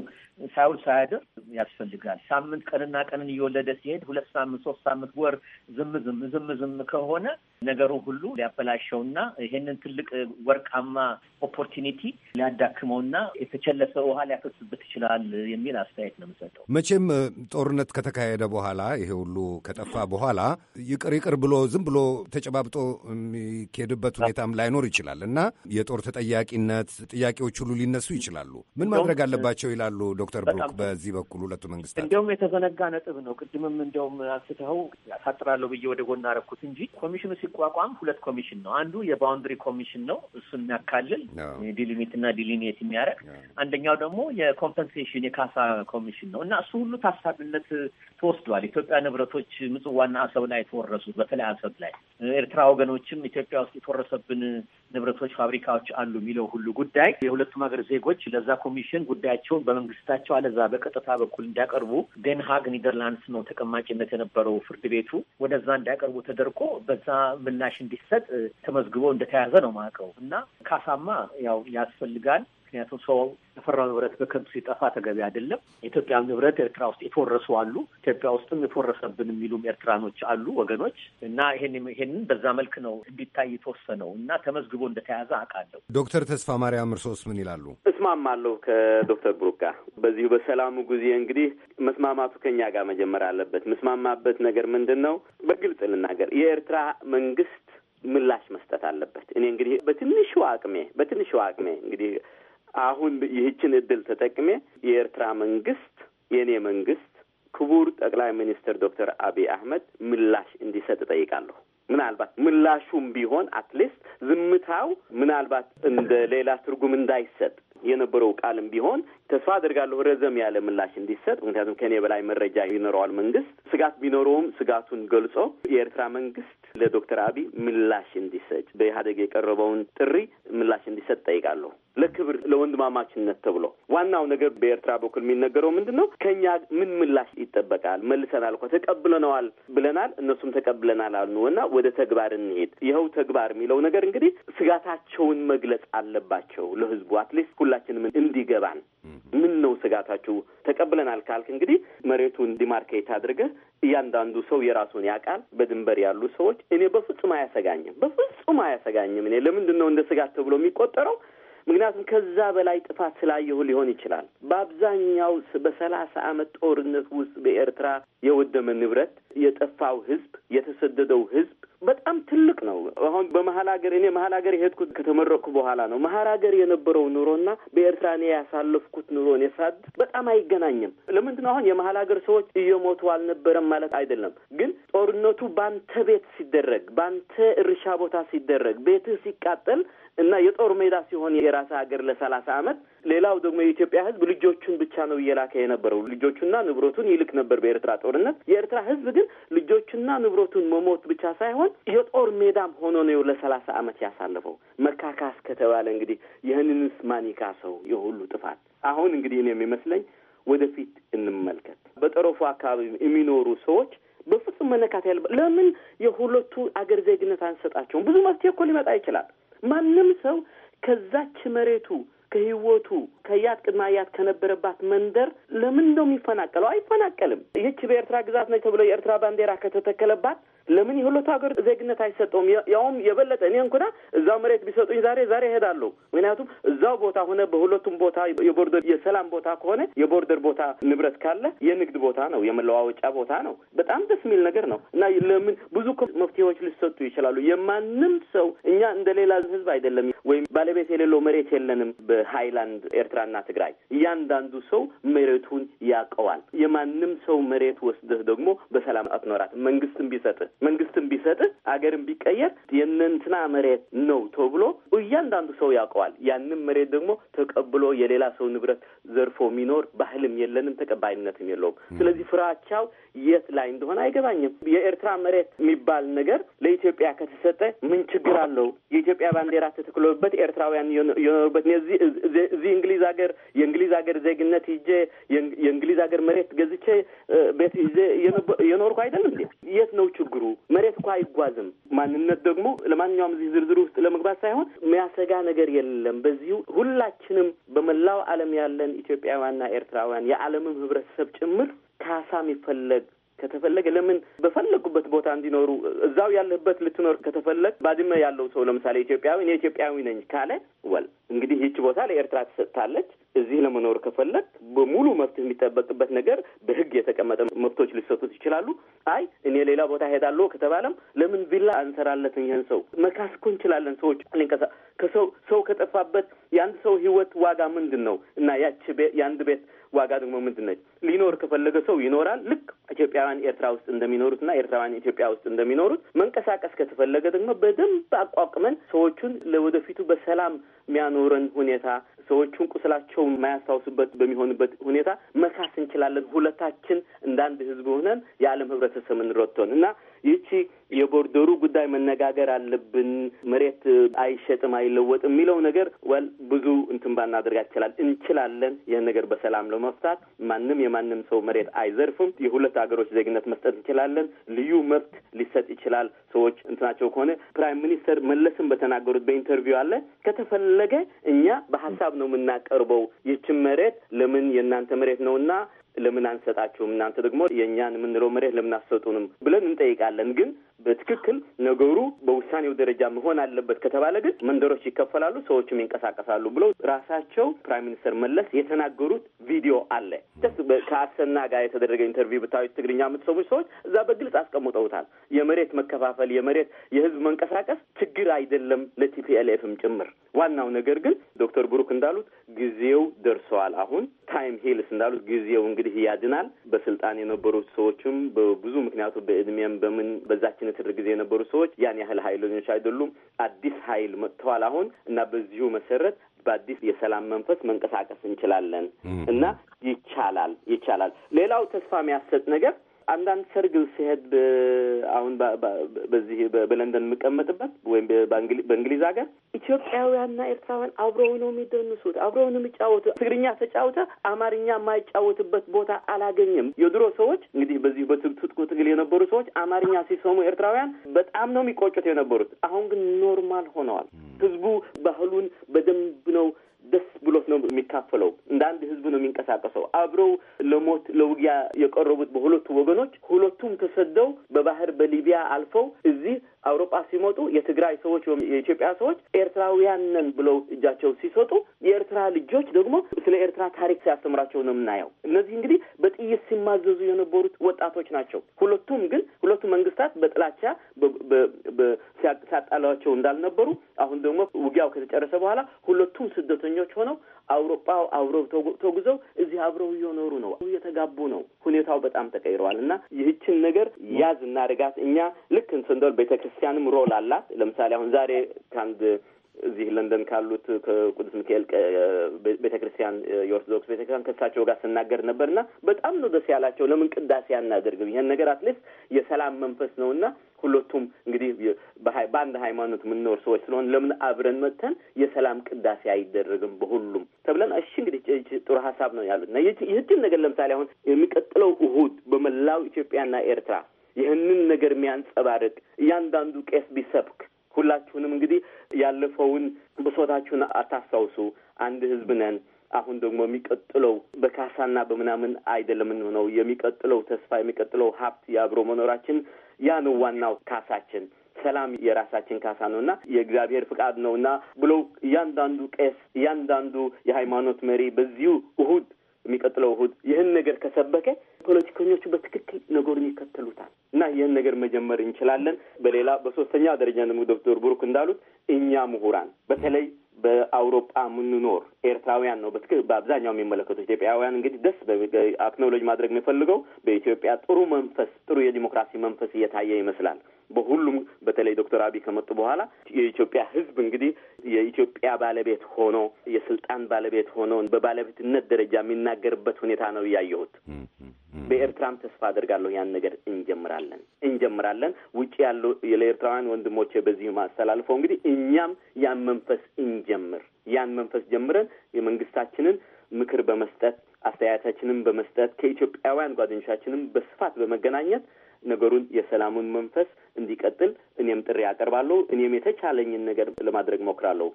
ሳይውል ሳያድር ያስፈልጋል። ሳምንት ቀንና ቀንን እየወለደ ሲሄድ ሁለት ሳምንት ሶስት ሳምንት ወር ዝም ዝም ዝም ዝም ከሆነ ነገሩ ሁሉ ሊያበላሸውና ይሄንን ትልቅ ወርቃማ ኦፖርቹኒቲ ሊያዳክመውና የተቸለሰ ውሃ ሊያፈስበት ይችላል የሚል አስተያየት ነው የምሰጠው። መቼም ጦርነት ከተካሄደ በኋላ ይሄ ሁሉ ከጠፋ በኋላ ይቅር ይቅር ብሎ ዝም ብሎ ተጨባብጦ የሚኬድበት ሁኔታም ላይኖር ይችላል እና የጦር ተጠያቂነት ጥያቄዎች ሁሉ ሊነሱ ይችላሉ። ምን ማድረግ አለባቸው ይላሉ ዶክተር ብሩክ? በዚህ በኩል ሁለቱ መንግስታት እንዲሁም የተዘነጋ ነጥብ ነው። ቅድምም እንዲያውም አንስተኸው ያሳጥራለሁ ብዬ ወደ ጎን አደረኩት እንጂ ኮሚሽኑ ስትቋቋም ሁለት ኮሚሽን ነው። አንዱ የባውንድሪ ኮሚሽን ነው፣ እሱን የሚያካልል ዲሊሚት እና ዲሊኔት የሚያደርግ። አንደኛው ደግሞ የኮምፐንሴሽን የካሳ ኮሚሽን ነው እና እሱ ሁሉ ታሳቢነት ተወስዷል። ኢትዮጵያ ንብረቶች ምጽዋና አሰብ ላይ የተወረሱ በተለይ አሰብ ላይ ኤርትራ ወገኖችም ኢትዮጵያ ውስጥ የተወረሰብን ንብረቶች፣ ፋብሪካዎች አሉ የሚለው ሁሉ ጉዳይ የሁለቱም ሀገር ዜጎች ለዛ ኮሚሽን ጉዳያቸውን በመንግስታቸው አለዛ በቀጥታ በኩል እንዲያቀርቡ ደንሃግ ኒደርላንድስ ነው ተቀማጭነት የነበረው ፍርድ ቤቱ ወደዛ እንዲያቀርቡ ተደርጎ በዛ ምላሽ እንዲሰጥ ተመዝግቦ እንደተያዘ ነው ማቀው እና ካሳማ ያው ያስፈልጋል ምክንያቱም ሰው የፈራው ንብረት በከንቱ ሲጠፋ ተገቢ አይደለም። የኢትዮጵያ ንብረት ኤርትራ ውስጥ የተወረሱ አሉ። ኢትዮጵያ ውስጥም የፈረሰብን የሚሉም ኤርትራኖች አሉ ወገኖች እና ይሄንን በዛ መልክ ነው እንዲታይ የተወሰነው እና ተመዝግቦ እንደተያዘ አውቃለሁ። ዶክተር ተስፋ ማርያም እርሶስ ምን ይላሉ? እስማማለሁ ከዶክተር ብሩክ ጋር በዚሁ በሰላሙ ጊዜ እንግዲህ መስማማቱ ከኛ ጋር መጀመር አለበት። መስማማበት ነገር ምንድን ነው? በግልጽ ልናገር የኤርትራ መንግስት ምላሽ መስጠት አለበት። እኔ እንግዲህ በትንሹ አቅሜ በትንሹ አቅሜ እንግዲህ አሁን ይህችን እድል ተጠቅሜ የኤርትራ መንግስት የእኔ መንግስት ክቡር ጠቅላይ ሚኒስትር ዶክተር አብይ አህመድ ምላሽ እንዲሰጥ እጠይቃለሁ። ምናልባት ምላሹም ቢሆን አትሊስት ዝምታው ምናልባት እንደ ሌላ ትርጉም እንዳይሰጥ የነበረው ቃልም ቢሆን ተስፋ አድርጋለሁ ረዘም ያለ ምላሽ እንዲሰጥ። ምክንያቱም ከእኔ በላይ መረጃ ይኖረዋል። መንግስት ስጋት ቢኖረውም ስጋቱን ገልጾ የኤርትራ መንግስት ለዶክተር አብይ ምላሽ እንዲሰጥ በኢህአዴግ የቀረበውን ጥሪ ምላሽ እንዲሰጥ ጠይቃለሁ። ለክብር ለወንድማማችነት ተብሎ ዋናው ነገር በኤርትራ በኩል የሚነገረው ምንድን ነው? ከኛ ምን ምላሽ ይጠበቃል? መልሰናል እኮ ተቀብለነዋል ብለናል፣ እነሱም ተቀብለናል አሉ እና ወደ ተግባር እንሄድ። ይኸው ተግባር የሚለው ነገር እንግዲህ ስጋታቸውን መግለጽ አለባቸው ለህዝቡ፣ አትሊስት ሁላችንም እንዲገባን። ምን ነው ስጋታችሁ? ተቀብለናል ካልክ እንግዲህ መሬቱን ዲማርኬት አድርገህ እያንዳንዱ ሰው የራሱን ያውቃል። በድንበር ያሉ ሰዎች እኔ በፍጹም አያሰጋኝም፣ በፍጹም አያሰጋኝም። እኔ ለምንድን ነው እንደ ስጋት ተብሎ የሚቆጠረው? ምክንያቱም ከዛ በላይ ጥፋት ስላየሁ ሊሆን ይችላል። በአብዛኛው በሰላሳ ዓመት ጦርነት ውስጥ በኤርትራ የወደመ ንብረት፣ የጠፋው ህዝብ የተሰደደው ህዝብ በጣም ትልቅ ነው። አሁን በመሀል ሀገር እኔ መሀል ሀገር የሄድኩት ከተመረቅኩ በኋላ ነው። መሀል ሀገር የነበረው ኑሮና በኤርትራ እኔ ያሳለፍኩት ኑሮ እኔ በጣም አይገናኝም። ለምንድን ነው አሁን የመሀል ሀገር ሰዎች እየሞቱ አልነበረም ማለት አይደለም። ግን ጦርነቱ ባንተ ቤት ሲደረግ፣ ባንተ እርሻ ቦታ ሲደረግ፣ ቤትህ ሲቃጠል እና የጦር ሜዳ ሲሆን የራስ ሀገር ለሰላሳ አመት ሌላው ደግሞ የኢትዮጵያ ህዝብ ልጆቹን ብቻ ነው እየላከ የነበረው ልጆቹና ንብረቱን ይልክ ነበር በኤርትራ ጦርነት። የኤርትራ ህዝብ ግን ልጆቹና ንብረቱን መሞት ብቻ ሳይሆን የጦር ሜዳም ሆኖ ነው ለሰላሳ አመት ያሳለፈው። መካካስ ከተባለ እንግዲህ ይህንንስ ማኒካ ሰው የሁሉ ጥፋት አሁን እንግዲህ እኔ የሚመስለኝ ወደፊት እንመልከት። በጠረፉ አካባቢ የሚኖሩ ሰዎች በፍጹም መነካት ያለበት ለምን የሁለቱ አገር ዜግነት አንሰጣቸውም? ብዙ መፍትሄ እኮ ሊመጣ ይችላል። ማንም ሰው ከዛች መሬቱ ከህይወቱ ከያት ቅድመ አያት ከነበረባት መንደር ለምን ነው የሚፈናቀለው? አይፈናቀልም። ይህች በኤርትራ ግዛት ነች ተብሎ የኤርትራ ባንዲራ ከተተከለባት ለምን የሁለቱ ሀገር ዜግነት አይሰጠውም? ያውም የበለጠ እኔ እንኩና እዛ መሬት ቢሰጡኝ ዛሬ ዛሬ እሄዳለሁ። ምክንያቱም እዛው ቦታ ሆነ በሁለቱም ቦታ የቦርደር የሰላም ቦታ ከሆነ የቦርደር ቦታ ንብረት ካለ የንግድ ቦታ ነው፣ የመለዋወጫ ቦታ ነው። በጣም ደስ የሚል ነገር ነው እና ለምን ብዙ መፍትሄዎች ሊሰጡ ይችላሉ። የማንም ሰው እኛ እንደ ሌላ ህዝብ አይደለም፣ ወይም ባለቤት የሌለው መሬት የለንም። በሀይላንድ ኤርትራና ትግራይ እያንዳንዱ ሰው መሬቱን ያውቀዋል። የማንም ሰው መሬት ወስደህ ደግሞ በሰላም አትኖራት መንግስትም ቢሰጥህ መንግስትም ቢሰጥህ አገርም ቢቀየር የእነንትና መሬት ነው ተብሎ እያንዳንዱ ሰው ያውቀዋል። ያንም መሬት ደግሞ ተቀብሎ የሌላ ሰው ንብረት ዘርፎ የሚኖር ባህልም የለንም፣ ተቀባይነትም የለውም። ስለዚህ ፍራቻው የት ላይ እንደሆነ አይገባኝም። የኤርትራ መሬት የሚባል ነገር ለኢትዮጵያ ከተሰጠ ምን ችግር አለው? የኢትዮጵያ ባንዲራ ተተክሎበት ኤርትራውያን የኖሩበት እዚህ እንግሊዝ ሀገር የእንግሊዝ ሀገር ዜግነት ይዤ የእንግሊዝ ሀገር መሬት ገዝቼ ቤት ይዤ የኖርኩ አይደለም እንዴ? የት ነው ችግሩ? መሬት እኳ አይጓዝም። ማንነት ደግሞ ለማንኛውም እዚህ ዝርዝር ውስጥ ለመግባት ሳይሆን የሚያሰጋ ነገር የለም። በዚሁ ሁላችንም በመላው ዓለም ያለን ኢትዮጵያውያንና ኤርትራውያን የዓለምም ህብረተሰብ ጭምር ካሳ የሚፈለግ ከተፈለገ ለምን በፈለጉበት ቦታ እንዲኖሩ እዛው ያለህበት ልትኖር ከተፈለግ ባድመ ያለው ሰው ለምሳሌ ኢትዮጵያዊ እኔ ኢትዮጵያዊ ነኝ ካለ ወል እንግዲህ ይህች ቦታ ለኤርትራ ትሰጥታለች። እዚህ ለመኖር ከፈለግ በሙሉ መብትህ የሚጠበቅበት ነገር በህግ የተቀመጠ መብቶች ሊሰጡት ይችላሉ። አይ እኔ ሌላ ቦታ ሄዳለሁ ከተባለም ለምን ቪላ አንሰራለትም? ይህን ሰው መካስ እኮ እንችላለን። ሰዎች ሊንቀሳ ከሰው ሰው ከጠፋበት የአንድ ሰው ህይወት ዋጋ ምንድን ነው እና ያቺ የአንድ ቤት ዋጋ ደግሞ ምንድን ነች? ሊኖር ከፈለገ ሰው ይኖራል። ልክ ኢትዮጵያውያን ኤርትራ ውስጥ እንደሚኖሩትና ኤርትራውያን ኢትዮጵያ ውስጥ እንደሚኖሩት መንቀሳቀስ ከተፈለገ ደግሞ በደንብ አቋቁመን ሰዎቹን ለወደፊቱ በሰላም የሚያኖረን ሁኔታ ሰዎቹን ቁስላቸውን የማያስታውሱበት በሚሆንበት ሁኔታ መካስ እንችላለን። ሁለታችን እንዳንድ ህዝብ ሆነን የዓለም ህብረተሰብ እንረቶን እና ይቺ የቦርደሩ ጉዳይ መነጋገር አለብን። መሬት አይሸጥም አይለወጥም የሚለው ነገር ወል ብዙ እንትን ባናደርጋ ይችላል እንችላለን። ይህን ነገር በሰላም ለመፍታት ማንም የማንም ሰው መሬት አይዘርፍም። የሁለት ሀገሮች ዜግነት መስጠት እንችላለን። ልዩ መብት ሊሰጥ ይችላል። ሰዎች እንትናቸው ከሆነ ፕራይም ሚኒስተር መለስም በተናገሩት በኢንተርቪው አለ ከተፈለገ እኛ በሀሳብ ነው የምናቀርበው። ይችን መሬት ለምን የእናንተ መሬት ነውና ለምን አንሰጣችሁም? እናንተ ደግሞ የእኛን የምንለው መሬት ለምን አትሰጡንም? ብለን እንጠይቃለን ግን በትክክል ነገሩ በውሳኔው ደረጃ መሆን አለበት ከተባለ ግን መንደሮች ይከፈላሉ፣ ሰዎችም ይንቀሳቀሳሉ ብለው ራሳቸው ፕራይም ሚኒስተር መለስ የተናገሩት ቪዲዮ አለ። ከአሰና ጋር የተደረገ ኢንተርቪው ብታዩት ትግርኛ የምትሰሙ ሰዎች እዛ በግልጽ አስቀምጠውታል። የመሬት መከፋፈል፣ የመሬት የህዝብ መንቀሳቀስ ችግር አይደለም ለቲፒኤልኤፍም ጭምር። ዋናው ነገር ግን ዶክተር ብሩክ እንዳሉት ጊዜው ደርሰዋል። አሁን ታይም ሂልስ እንዳሉት ጊዜው እንግዲህ ያድናል። በስልጣን የነበሩት ሰዎችም በብዙ ምክንያቱ በእድሜም በምን በዛችን በዶክተር ጊዜ የነበሩ ሰዎች ያን ያህል ኃይለኞች አይደሉም። አዲስ ኃይል መጥተዋል አሁን እና በዚሁ መሰረት በአዲስ የሰላም መንፈስ መንቀሳቀስ እንችላለን እና ይቻላል ይቻላል። ሌላው ተስፋ የሚያሰጥ ነገር አንዳንድ ሰርግ ሲሄድ አሁን በዚህ በለንደን የምቀመጥበት ወይም በእንግሊዝ ሀገር ኢትዮጵያውያንና ኤርትራውያን አብረው ነው የሚደንሱት፣ አብረው ነው የሚጫወቱ። ትግርኛ ተጫውተ አማርኛ የማይጫወትበት ቦታ አላገኘም። የድሮ ሰዎች እንግዲህ በዚህ በትጥቁ ትግል የነበሩ ሰዎች አማርኛ ሲሰሙ ኤርትራውያን በጣም ነው የሚቆጩት የነበሩት። አሁን ግን ኖርማል ሆነዋል። ህዝቡ ባህሉን በደንብ ነው ደስ ብሎት ነው የሚካፈለው። እንደ አንድ ህዝብ ነው የሚንቀሳቀሰው። አብረው ለሞት ለውጊያ የቀረቡት በሁለቱ ወገኖች ሁለቱም ተሰደው በባህር በሊቢያ አልፈው እዚህ አውሮፓ ሲመጡ የትግራይ ሰዎች ወይም የኢትዮጵያ ሰዎች ኤርትራውያን ነን ብለው እጃቸው ሲሰጡ የኤርትራ ልጆች ደግሞ ስለ ኤርትራ ታሪክ ሲያስተምራቸው ነው የምናየው። እነዚህ እንግዲህ በጥይት ሲማዘዙ የነበሩት ወጣቶች ናቸው። ሁለቱም ግን ሁለቱ መንግስታት በጥላቻ ሲያጣላቸው እንዳልነበሩ አሁን ደግሞ ውጊያው ከተጨረሰ በኋላ ሁለቱም ስደተኞች ሆነው አውሮፓ አብረው ተጉዘው እዚህ አብረው እየኖሩ ነው፣ እየተጋቡ ነው። ሁኔታው በጣም ተቀይረዋል እና ይህችን ነገር ያዝ እናደርጋት እኛ ልክ እንስንደል ቤተ ክርስቲያንም ሮል አላት። ለምሳሌ አሁን ዛሬ ከአንድ እዚህ ለንደን ካሉት ከቅዱስ ሚካኤል ቤተ ክርስቲያን የኦርቶዶክስ ቤተ ክርስቲያን ከእሳቸው ጋር ስናገር ነበርና በጣም ነው ደስ ያላቸው። ለምን ቅዳሴ አናደርግም? ይህን ነገር አትሊስት የሰላም መንፈስ ነውና ሁለቱም እንግዲህ በአንድ ሃይማኖት የምንኖር ሰዎች ስለሆን ለምን አብረን መጥተን የሰላም ቅዳሴ አይደረግም በሁሉም ተብለን፣ እሺ እንግዲህ ጥሩ ሀሳብ ነው ያሉት እና ይህችን ነገር ለምሳሌ አሁን የሚቀጥለው እሁድ በመላው ኢትዮጵያና ኤርትራ ይህንን ነገር የሚያንጸባርቅ እያንዳንዱ ቄስ ቢሰብክ ሁላችሁንም እንግዲህ ያለፈውን ብሶታችሁን አታስታውሱ። አንድ ህዝብ ነን። አሁን ደግሞ የሚቀጥለው በካሳና በምናምን አይደለም ነው የሚቀጥለው ተስፋ፣ የሚቀጥለው ሀብት የአብሮ መኖራችን ያ ነው ዋናው ካሳችን። ሰላም የራሳችን ካሳ ነው እና የእግዚአብሔር ፍቃድ ነው እና ብለው እያንዳንዱ ቄስ፣ እያንዳንዱ የሃይማኖት መሪ በዚሁ እሁድ የሚቀጥለው እሁድ ይህን ነገር ከሰበከ ፖለቲከኞቹ በትክክል ነገሩን ይከተሉታል እና ይህን ነገር መጀመር እንችላለን። በሌላ በሶስተኛ ደረጃ ደግሞ ዶክተር ብሩክ እንዳሉት እኛ ምሁራን በተለይ በአውሮፓ የምንኖር ኤርትራውያን ነው በትክክል በአብዛኛው የሚመለከቱ ኢትዮጵያውያን እንግዲህ ደስ አክኖሎጅ ማድረግ የሚፈልገው በኢትዮጵያ ጥሩ መንፈስ ጥሩ የዲሞክራሲ መንፈስ እየታየ ይመስላል። በሁሉም በተለይ ዶክተር አብይ ከመጡ በኋላ የኢትዮጵያ ህዝብ እንግዲህ የኢትዮጵያ ባለቤት ሆኖ የስልጣን ባለቤት ሆኖ በባለቤትነት ደረጃ የሚናገርበት ሁኔታ ነው እያየሁት። በኤርትራም ተስፋ አድርጋለሁ ያን ነገር እንጀምራለን እንጀምራለን። ውጭ ያሉ ለኤርትራውያን ወንድሞቼ በዚህ ማስተላልፈው እንግዲህ እኛም ያን መንፈስ እንጀምር። ያን መንፈስ ጀምረን የመንግስታችንን ምክር በመስጠት አስተያየታችንን በመስጠት ከኢትዮጵያውያን ጓደኞቻችንም በስፋት በመገናኘት ነገሩን የሰላሙን መንፈስ እንዲቀጥል እኔም ጥሪ ያቀርባለሁ። እኔም የተቻለኝን ነገር ለማድረግ ሞክራለሁ።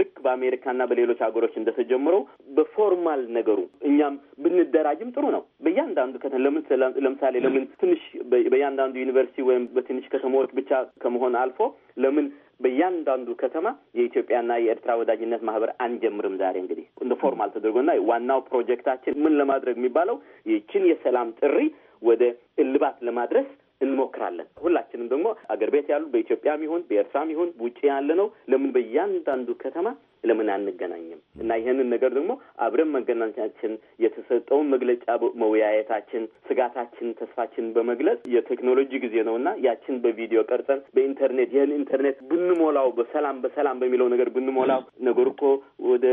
ልክ በአሜሪካና በሌሎች ሀገሮች እንደተጀምረው በፎርማል ነገሩ እኛም ብንደራጅም ጥሩ ነው። በእያንዳንዱ ከተማ ለምን ለምሳሌ ለምን ትንሽ በእያንዳንዱ ዩኒቨርሲቲ ወይም በትንሽ ከተማዎች ብቻ ከመሆን አልፎ ለምን በእያንዳንዱ ከተማ የኢትዮጵያና የኤርትራ ወዳጅነት ማህበር አንጀምርም? ዛሬ እንግዲህ እንደ ፎርማል ተደርጎና ዋናው ፕሮጀክታችን ምን ለማድረግ የሚባለው ይችን የሰላም ጥሪ ወደ እልባት ለማድረስ እንሞክራለን። ሁላችንም ደግሞ አገር ቤት ያሉ በኢትዮጵያም ይሁን በኤርትራም ይሁን ውጭ ያለ ነው ለምን በእያንዳንዱ ከተማ ለምን አንገናኝም? እና ይህንን ነገር ደግሞ አብረን መገናኛችን የተሰጠውን መግለጫ መወያየታችን፣ ስጋታችን፣ ተስፋችን በመግለጽ የቴክኖሎጂ ጊዜ ነው እና ያችን በቪዲዮ ቀርጸን በኢንተርኔት ይህን ኢንተርኔት ብንሞላው በሰላም በሰላም በሚለው ነገር ብንሞላው ነገር እኮ ወደ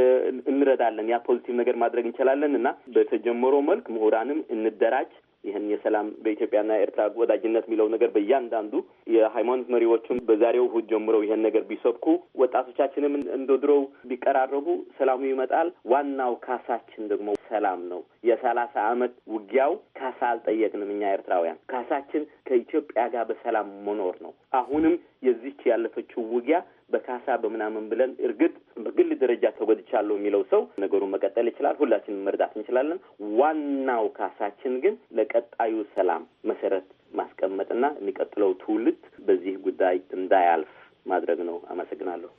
እንረዳለን ያ ፖዚቲቭ ነገር ማድረግ እንችላለን እና በተጀመረው መልክ ምሁራንም እንደራጅ ይህን የሰላም በኢትዮጵያና ኤርትራ ወዳጅነት የሚለው ነገር በእያንዳንዱ የሃይማኖት መሪዎቹም በዛሬው እሑድ ጀምረው ይህን ነገር ቢሰብኩ፣ ወጣቶቻችንም እንደ ድሮው ቢቀራረቡ ሰላሙ ይመጣል። ዋናው ካሳችን ደግሞ ሰላም ነው። የሰላሳ አመት ውጊያው ካሳ አልጠየቅንም። እኛ ኤርትራውያን ካሳችን ከኢትዮጵያ ጋር በሰላም መኖር ነው። አሁንም የዚች ያለፈችው ውጊያ በካሳ በምናምን ብለን እርግጥ በግል ደረጃ ተጎድቻለሁ የሚለው ሰው ነገሩን መቀጠል ይችላል። ሁላችንም መርዳት እንችላለን። ዋናው ካሳችን ግን ለቀጣዩ ሰላም መሰረት ማስቀመጥና የሚቀጥለው ትውልድ በዚህ ጉዳይ እንዳያልፍ ማድረግ ነው። አመሰግናለሁ።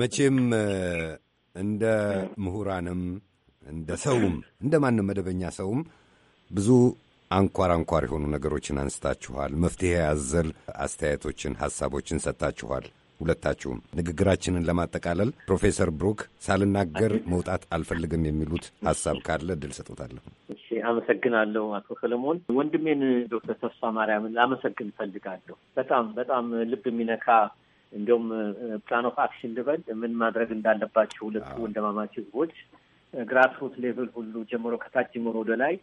መቼም እንደ ምሁራንም እንደ ሰውም እንደ ማንም መደበኛ ሰውም ብዙ አንኳር አንኳር የሆኑ ነገሮችን አንስታችኋል። መፍትሄ ያዘል አስተያየቶችን፣ ሀሳቦችን ሰጥታችኋል። ሁለታችሁም ንግግራችንን ለማጠቃለል ፕሮፌሰር ብሩክ ሳልናገር መውጣት አልፈልግም የሚሉት ሀሳብ ካለ ድል ሰጡታለሁ። እሺ፣ አመሰግናለሁ አቶ ሰለሞን። ወንድሜን ዶክተር ተስፋ ማርያምን ላመሰግን እፈልጋለሁ። በጣም በጣም ልብ የሚነካ እንዲሁም ፕላን ኦፍ አክሽን ልበል ምን ማድረግ እንዳለባቸው ሁለቱ ወንድማማች ህዝቦች ግራስሮት ሌቭል ሁሉ ጀምሮ ከታች ጀምሮ ወደ ላይ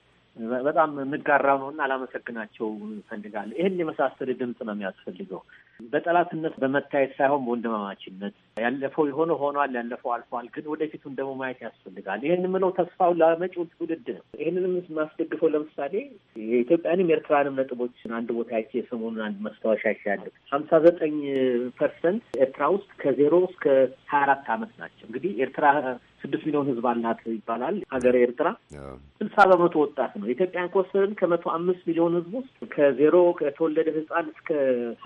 በጣም የምጋራው ነው እና ላመሰግናቸው እፈልጋለሁ። ይህን የመሳሰል ድምፅ ነው የሚያስፈልገው። በጠላትነት በመታየት ሳይሆን በወንድማማችነት ያለፈው የሆነ ሆኗል፣ ያለፈው አልፏል፣ ግን ወደፊቱን ደግሞ ማየት ያስፈልጋል። ይህን የምለው ተስፋው ለመጪው ትውልድ ነው። ይህንንም ማስደግፈው ለምሳሌ የኢትዮጵያንም ኤርትራንም ነጥቦች አንድ ቦታ አይቼ የሰሞኑን አንድ መስታወሻ ያለ ሀምሳ ዘጠኝ ፐርሰንት ኤርትራ ውስጥ ከዜሮ እስከ ሀያ አራት ዓመት ናቸው። እንግዲህ ኤርትራ ስድስት ሚሊዮን ህዝብ አላት ይባላል ሀገር ኤርትራ ስልሳ በመቶ ወጣት ነው። ኢትዮጵያን ከወሰድን ከመቶ አምስት ሚሊዮን ህዝብ ውስጥ ከዜሮ ከተወለደ ህፃን እስከ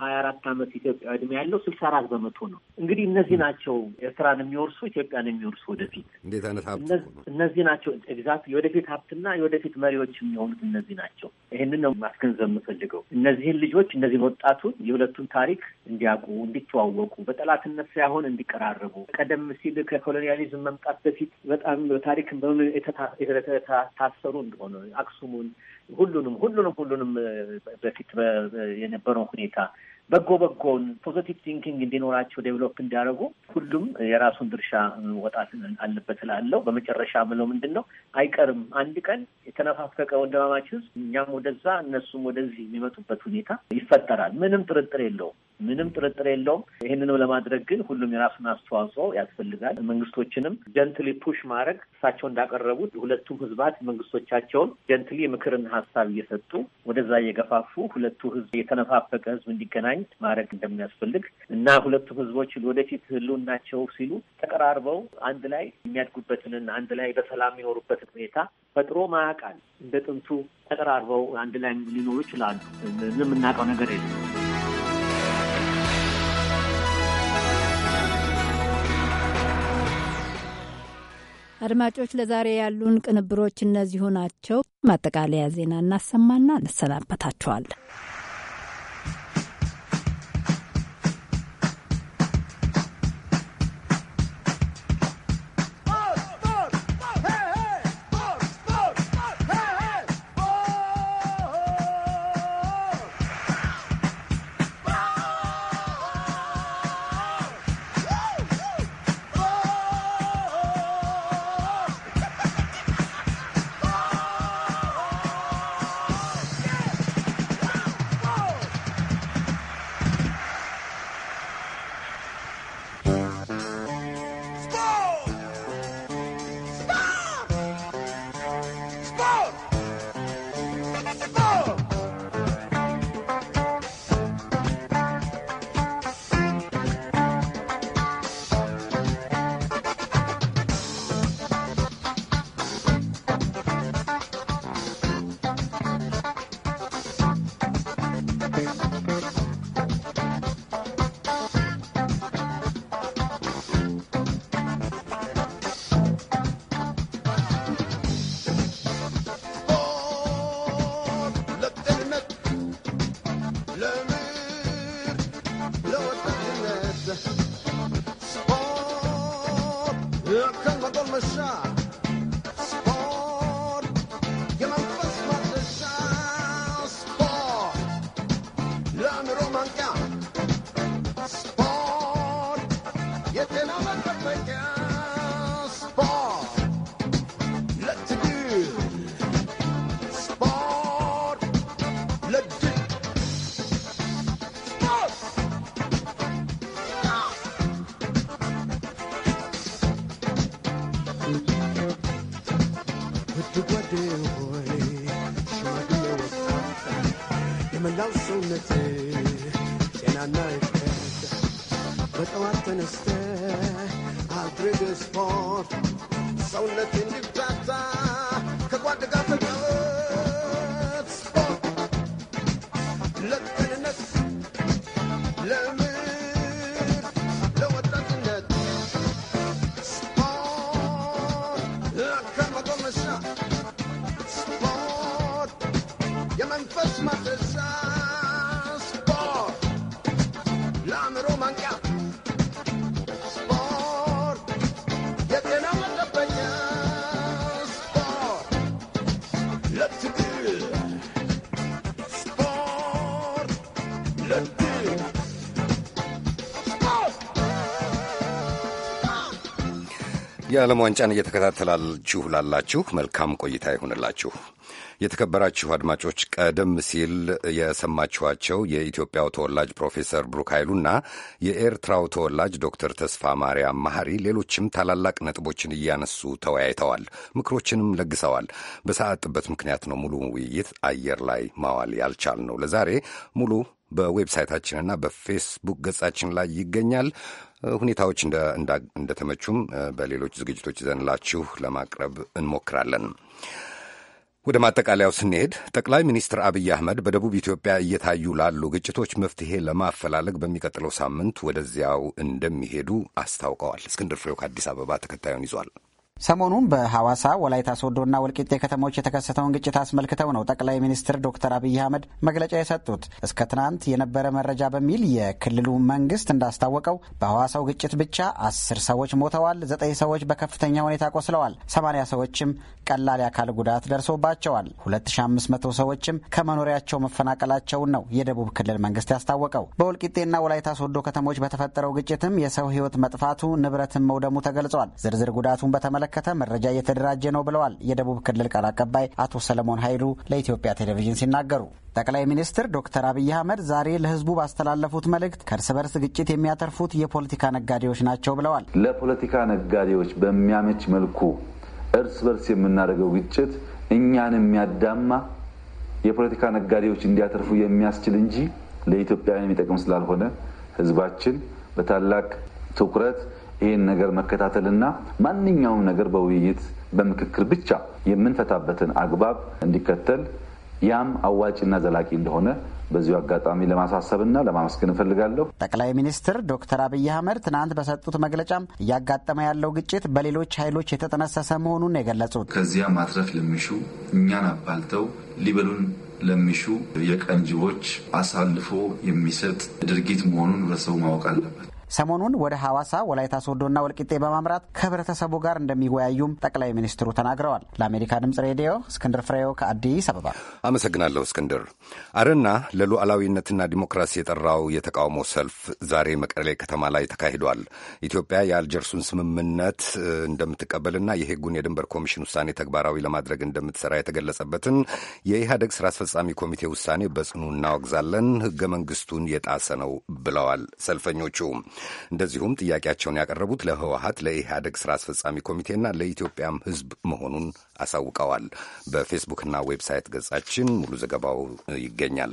ሀያ አራት ዓመት ኢትዮጵያ እድሜ ያለው ስልሳ አራት በመቶ ነው። እንግዲህ እነዚህ ናቸው ኤርትራን የሚወርሱ ኢትዮጵያን የሚወርሱ ወደፊት እንዴት አይነት ሀብት እነዚህ ናቸው ኤግዛክት የወደፊት ሀብትና የወደፊት መሪዎች የሚሆኑት እነዚህ ናቸው። ይህንን ነው ማስገንዘብ የምፈልገው። እነዚህን ልጆች እነዚህን ወጣቱን የሁለቱን ታሪክ እንዲያውቁ፣ እንዲተዋወቁ በጠላትነት ሳይሆን እንዲቀራረቡ ቀደም ሲል ከኮሎኒያሊዝም መምጣት በፊት በጣም በታሪክ በምን የተታሰሩ እንደሆነ አክሱሙን ሁሉንም ሁሉንም ሁሉንም በፊት የነበረው ሁኔታ በጎ በጎን ፖዘቲቭ ቲንኪንግ እንዲኖራቸው ዴቨሎፕ እንዲያደርጉ ሁሉም የራሱን ድርሻ ወጣት አለበት እላለሁ። በመጨረሻ ምለው ምንድን ነው አይቀርም አንድ ቀን የተነፋፈቀ ወንድማማች ህዝብ እኛም ወደዛ እነሱም ወደዚህ የሚመጡበት ሁኔታ ይፈጠራል። ምንም ጥርጥር የለውም። ምንም ጥርጥር የለውም። ይህንንም ለማድረግ ግን ሁሉም የራሱን አስተዋጽኦ ያስፈልጋል። መንግስቶችንም ጀንትሊ ፑሽ ማድረግ እሳቸው እንዳቀረቡት ሁለቱም ህዝባት መንግስቶቻቸውን ጀንትሊ ምክርና ሀሳብ እየሰጡ ወደዛ እየገፋፉ ሁለቱ ህዝብ የተነፋፈቀ ህዝብ እንዲገናኝ ማድረግ እንደሚያስፈልግ እና ሁለቱም ህዝቦች ወደፊት ህልውናቸው ሲሉ ተቀራርበው አንድ ላይ የሚያድጉበትንና አንድ ላይ በሰላም የሚኖሩበትን ሁኔታ ፈጥሮ ማያውቃል። እንደ ጥንቱ ተቀራርበው አንድ ላይ ሊኖሩ ይችላሉ። ምንም የምናውቀው ነገር የለም። አድማጮች ለዛሬ ያሉን ቅንብሮች እነዚሁ ናቸው። ማጠቃለያ ዜና እናሰማና እንሰናበታችኋለን። Here comes my የዓለም ዋንጫን እየተከታተላችሁ ላላችሁ መልካም ቆይታ ይሁንላችሁ። የተከበራችሁ አድማጮች ቀደም ሲል የሰማችኋቸው የኢትዮጵያው ተወላጅ ፕሮፌሰር ብሩክ ኃይሉና የኤርትራው ተወላጅ ዶክተር ተስፋ ማርያም መሐሪ ሌሎችም ታላላቅ ነጥቦችን እያነሱ ተወያይተዋል፣ ምክሮችንም ለግሰዋል። በሰዓት ጥበት ምክንያት ነው ሙሉ ውይይት አየር ላይ ማዋል ያልቻል ነው። ለዛሬ ሙሉ በዌብሳይታችንና በፌስቡክ ገጻችን ላይ ይገኛል። ሁኔታዎች እንደተመቹም በሌሎች ዝግጅቶች ይዘንላችሁ ለማቅረብ እንሞክራለን። ወደ ማጠቃለያው ስንሄድ ጠቅላይ ሚኒስትር አብይ አህመድ በደቡብ ኢትዮጵያ እየታዩ ላሉ ግጭቶች መፍትሄ ለማፈላለግ በሚቀጥለው ሳምንት ወደዚያው እንደሚሄዱ አስታውቀዋል። እስክንድር ፍሬው ከአዲስ አበባ ተከታዩን ይዟል። ሰሞኑን በሐዋሳ ወላይታ ሶዶና ወልቂጤ ከተሞች የተከሰተውን ግጭት አስመልክተው ነው ጠቅላይ ሚኒስትር ዶክተር አብይ አህመድ መግለጫ የሰጡት። እስከ ትናንት የነበረ መረጃ በሚል የክልሉ መንግስት እንዳስታወቀው በሐዋሳው ግጭት ብቻ አስር ሰዎች ሞተዋል፣ ዘጠኝ ሰዎች በከፍተኛ ሁኔታ ቆስለዋል፣ ሰማኒያ ሰዎችም ቀላል የአካል ጉዳት ደርሶባቸዋል። 2500 ሰዎችም ከመኖሪያቸው መፈናቀላቸውን ነው የደቡብ ክልል መንግስት ያስታወቀው። በወልቂጤና ወላይታ ሶዶ ከተሞች በተፈጠረው ግጭትም የሰው ህይወት መጥፋቱ፣ ንብረትን መውደሙ ተገልጿል። ዝርዝር ጉዳቱን በተመለከተ መረጃ እየተደራጀ ነው ብለዋል የደቡብ ክልል ቃል አቀባይ አቶ ሰለሞን ኃይሉ ለኢትዮጵያ ቴሌቪዥን ሲናገሩ ጠቅላይ ሚኒስትር ዶክተር አብይ አህመድ ዛሬ ለህዝቡ ባስተላለፉት መልእክት ከእርስ በርስ ግጭት የሚያተርፉት የፖለቲካ ነጋዴዎች ናቸው ብለዋል። ለፖለቲካ ነጋዴዎች በሚያመች መልኩ እርስ በርስ የምናደርገው ግጭት እኛን የሚያዳማ የፖለቲካ ነጋዴዎች እንዲያተርፉ የሚያስችል እንጂ ለኢትዮጵያውያን የሚጠቅም ስላልሆነ ህዝባችን በታላቅ ትኩረት ይህን ነገር መከታተልና ማንኛውም ነገር በውይይት በምክክር ብቻ የምንፈታበትን አግባብ እንዲከተል ያም አዋጭና ዘላቂ እንደሆነ በዚሁ አጋጣሚ ለማሳሰብና ለማመስገን እፈልጋለሁ። ጠቅላይ ሚኒስትር ዶክተር አብይ አህመድ ትናንት በሰጡት መግለጫም እያጋጠመ ያለው ግጭት በሌሎች ኃይሎች የተጠነሰሰ መሆኑን የገለጹት ከዚያ ማትረፍ ለሚሹ እኛን አባልተው ሊበሉን ለሚሹ የቀንጅቦች አሳልፎ የሚሰጥ ድርጊት መሆኑን በሰው ማወቅ አለበት። ሰሞኑን ወደ ሐዋሳ፣ ወላይታ ሶዶና ወልቂጤ በማምራት ከህብረተሰቡ ጋር እንደሚወያዩም ጠቅላይ ሚኒስትሩ ተናግረዋል። ለአሜሪካ ድምጽ ሬዲዮ እስክንድር ፍሬው ከአዲስ አበባ አመሰግናለሁ። እስክንድር። አረና ለሉዓላዊነትና ዲሞክራሲ የጠራው የተቃውሞ ሰልፍ ዛሬ መቀሌ ከተማ ላይ ተካሂዷል። ኢትዮጵያ የአልጀርሱን ስምምነት እንደምትቀበልና የሄጉን የድንበር ኮሚሽን ውሳኔ ተግባራዊ ለማድረግ እንደምትሰራ የተገለጸበትን የኢህአደግ ስራ አስፈጻሚ ኮሚቴ ውሳኔ በጽኑ እናወግዛለን፣ ህገ መንግስቱን የጣሰ ነው ብለዋል ሰልፈኞቹ። እንደዚሁም ጥያቄያቸውን ያቀረቡት ለህወሀት ለኢህአደግ ስራ አስፈጻሚ ኮሚቴና ለኢትዮጵያም ህዝብ መሆኑን አሳውቀዋል። በፌስቡክና ዌብሳይት ገጻችን ሙሉ ዘገባው ይገኛል።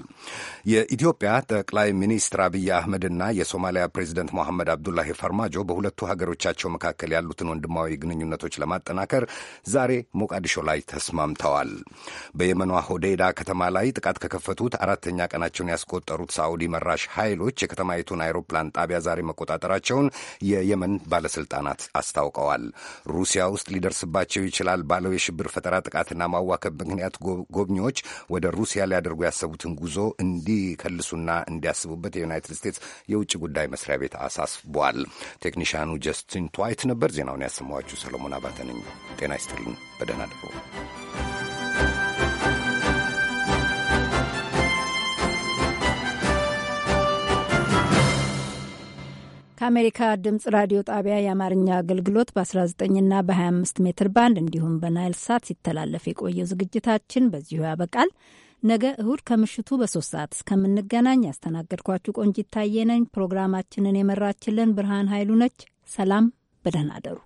የኢትዮጵያ ጠቅላይ ሚኒስትር አብይ አህመድና የሶማሊያ ፕሬዚደንት ሞሐመድ አብዱላሂ ፈርማጆ በሁለቱ ሀገሮቻቸው መካከል ያሉትን ወንድማዊ ግንኙነቶች ለማጠናከር ዛሬ ሞቃዲሾ ላይ ተስማምተዋል። በየመኗ ሆዴዳ ከተማ ላይ ጥቃት ከከፈቱት አራተኛ ቀናቸውን ያስቆጠሩት ሳዑዲ መራሽ ኃይሎች የከተማይቱን አይሮፕላን ጣቢያ ዛሬ መቆጣጠራቸውን የየመን ባለሥልጣናት አስታውቀዋል። ሩሲያ ውስጥ ሊደርስባቸው ይችላል ባለው የሽብር ፈጠራ ጥቃትና ማዋከብ ምክንያት ጎብኚዎች ወደ ሩሲያ ሊያደርጉ ያሰቡትን ጉዞ እንዲከልሱና እንዲያስቡበት የዩናይትድ ስቴትስ የውጭ ጉዳይ መስሪያ ቤት አሳስቧል። ቴክኒሽያኑ ጀስቲን ትዋይት ነበር። ዜናውን ያሰማኋችሁ ሰለሞን አባተ ነኝ። ጤና ይስጥልን። በደህና ከአሜሪካ ድምፅ ራዲዮ ጣቢያ የአማርኛ አገልግሎት በ19ና በ25 ሜትር ባንድ እንዲሁም በናይል ሳት ሲተላለፍ የቆየው ዝግጅታችን በዚሁ ያበቃል። ነገ እሁድ ከምሽቱ በሶስት ሰዓት እስከምንገናኝ ያስተናገድኳችሁ ቆንጂት ታየ ፕሮግራማችንን የመራችልን ብርሃን ኃይሉ ነች። ሰላም፣ በደህና አደሩ።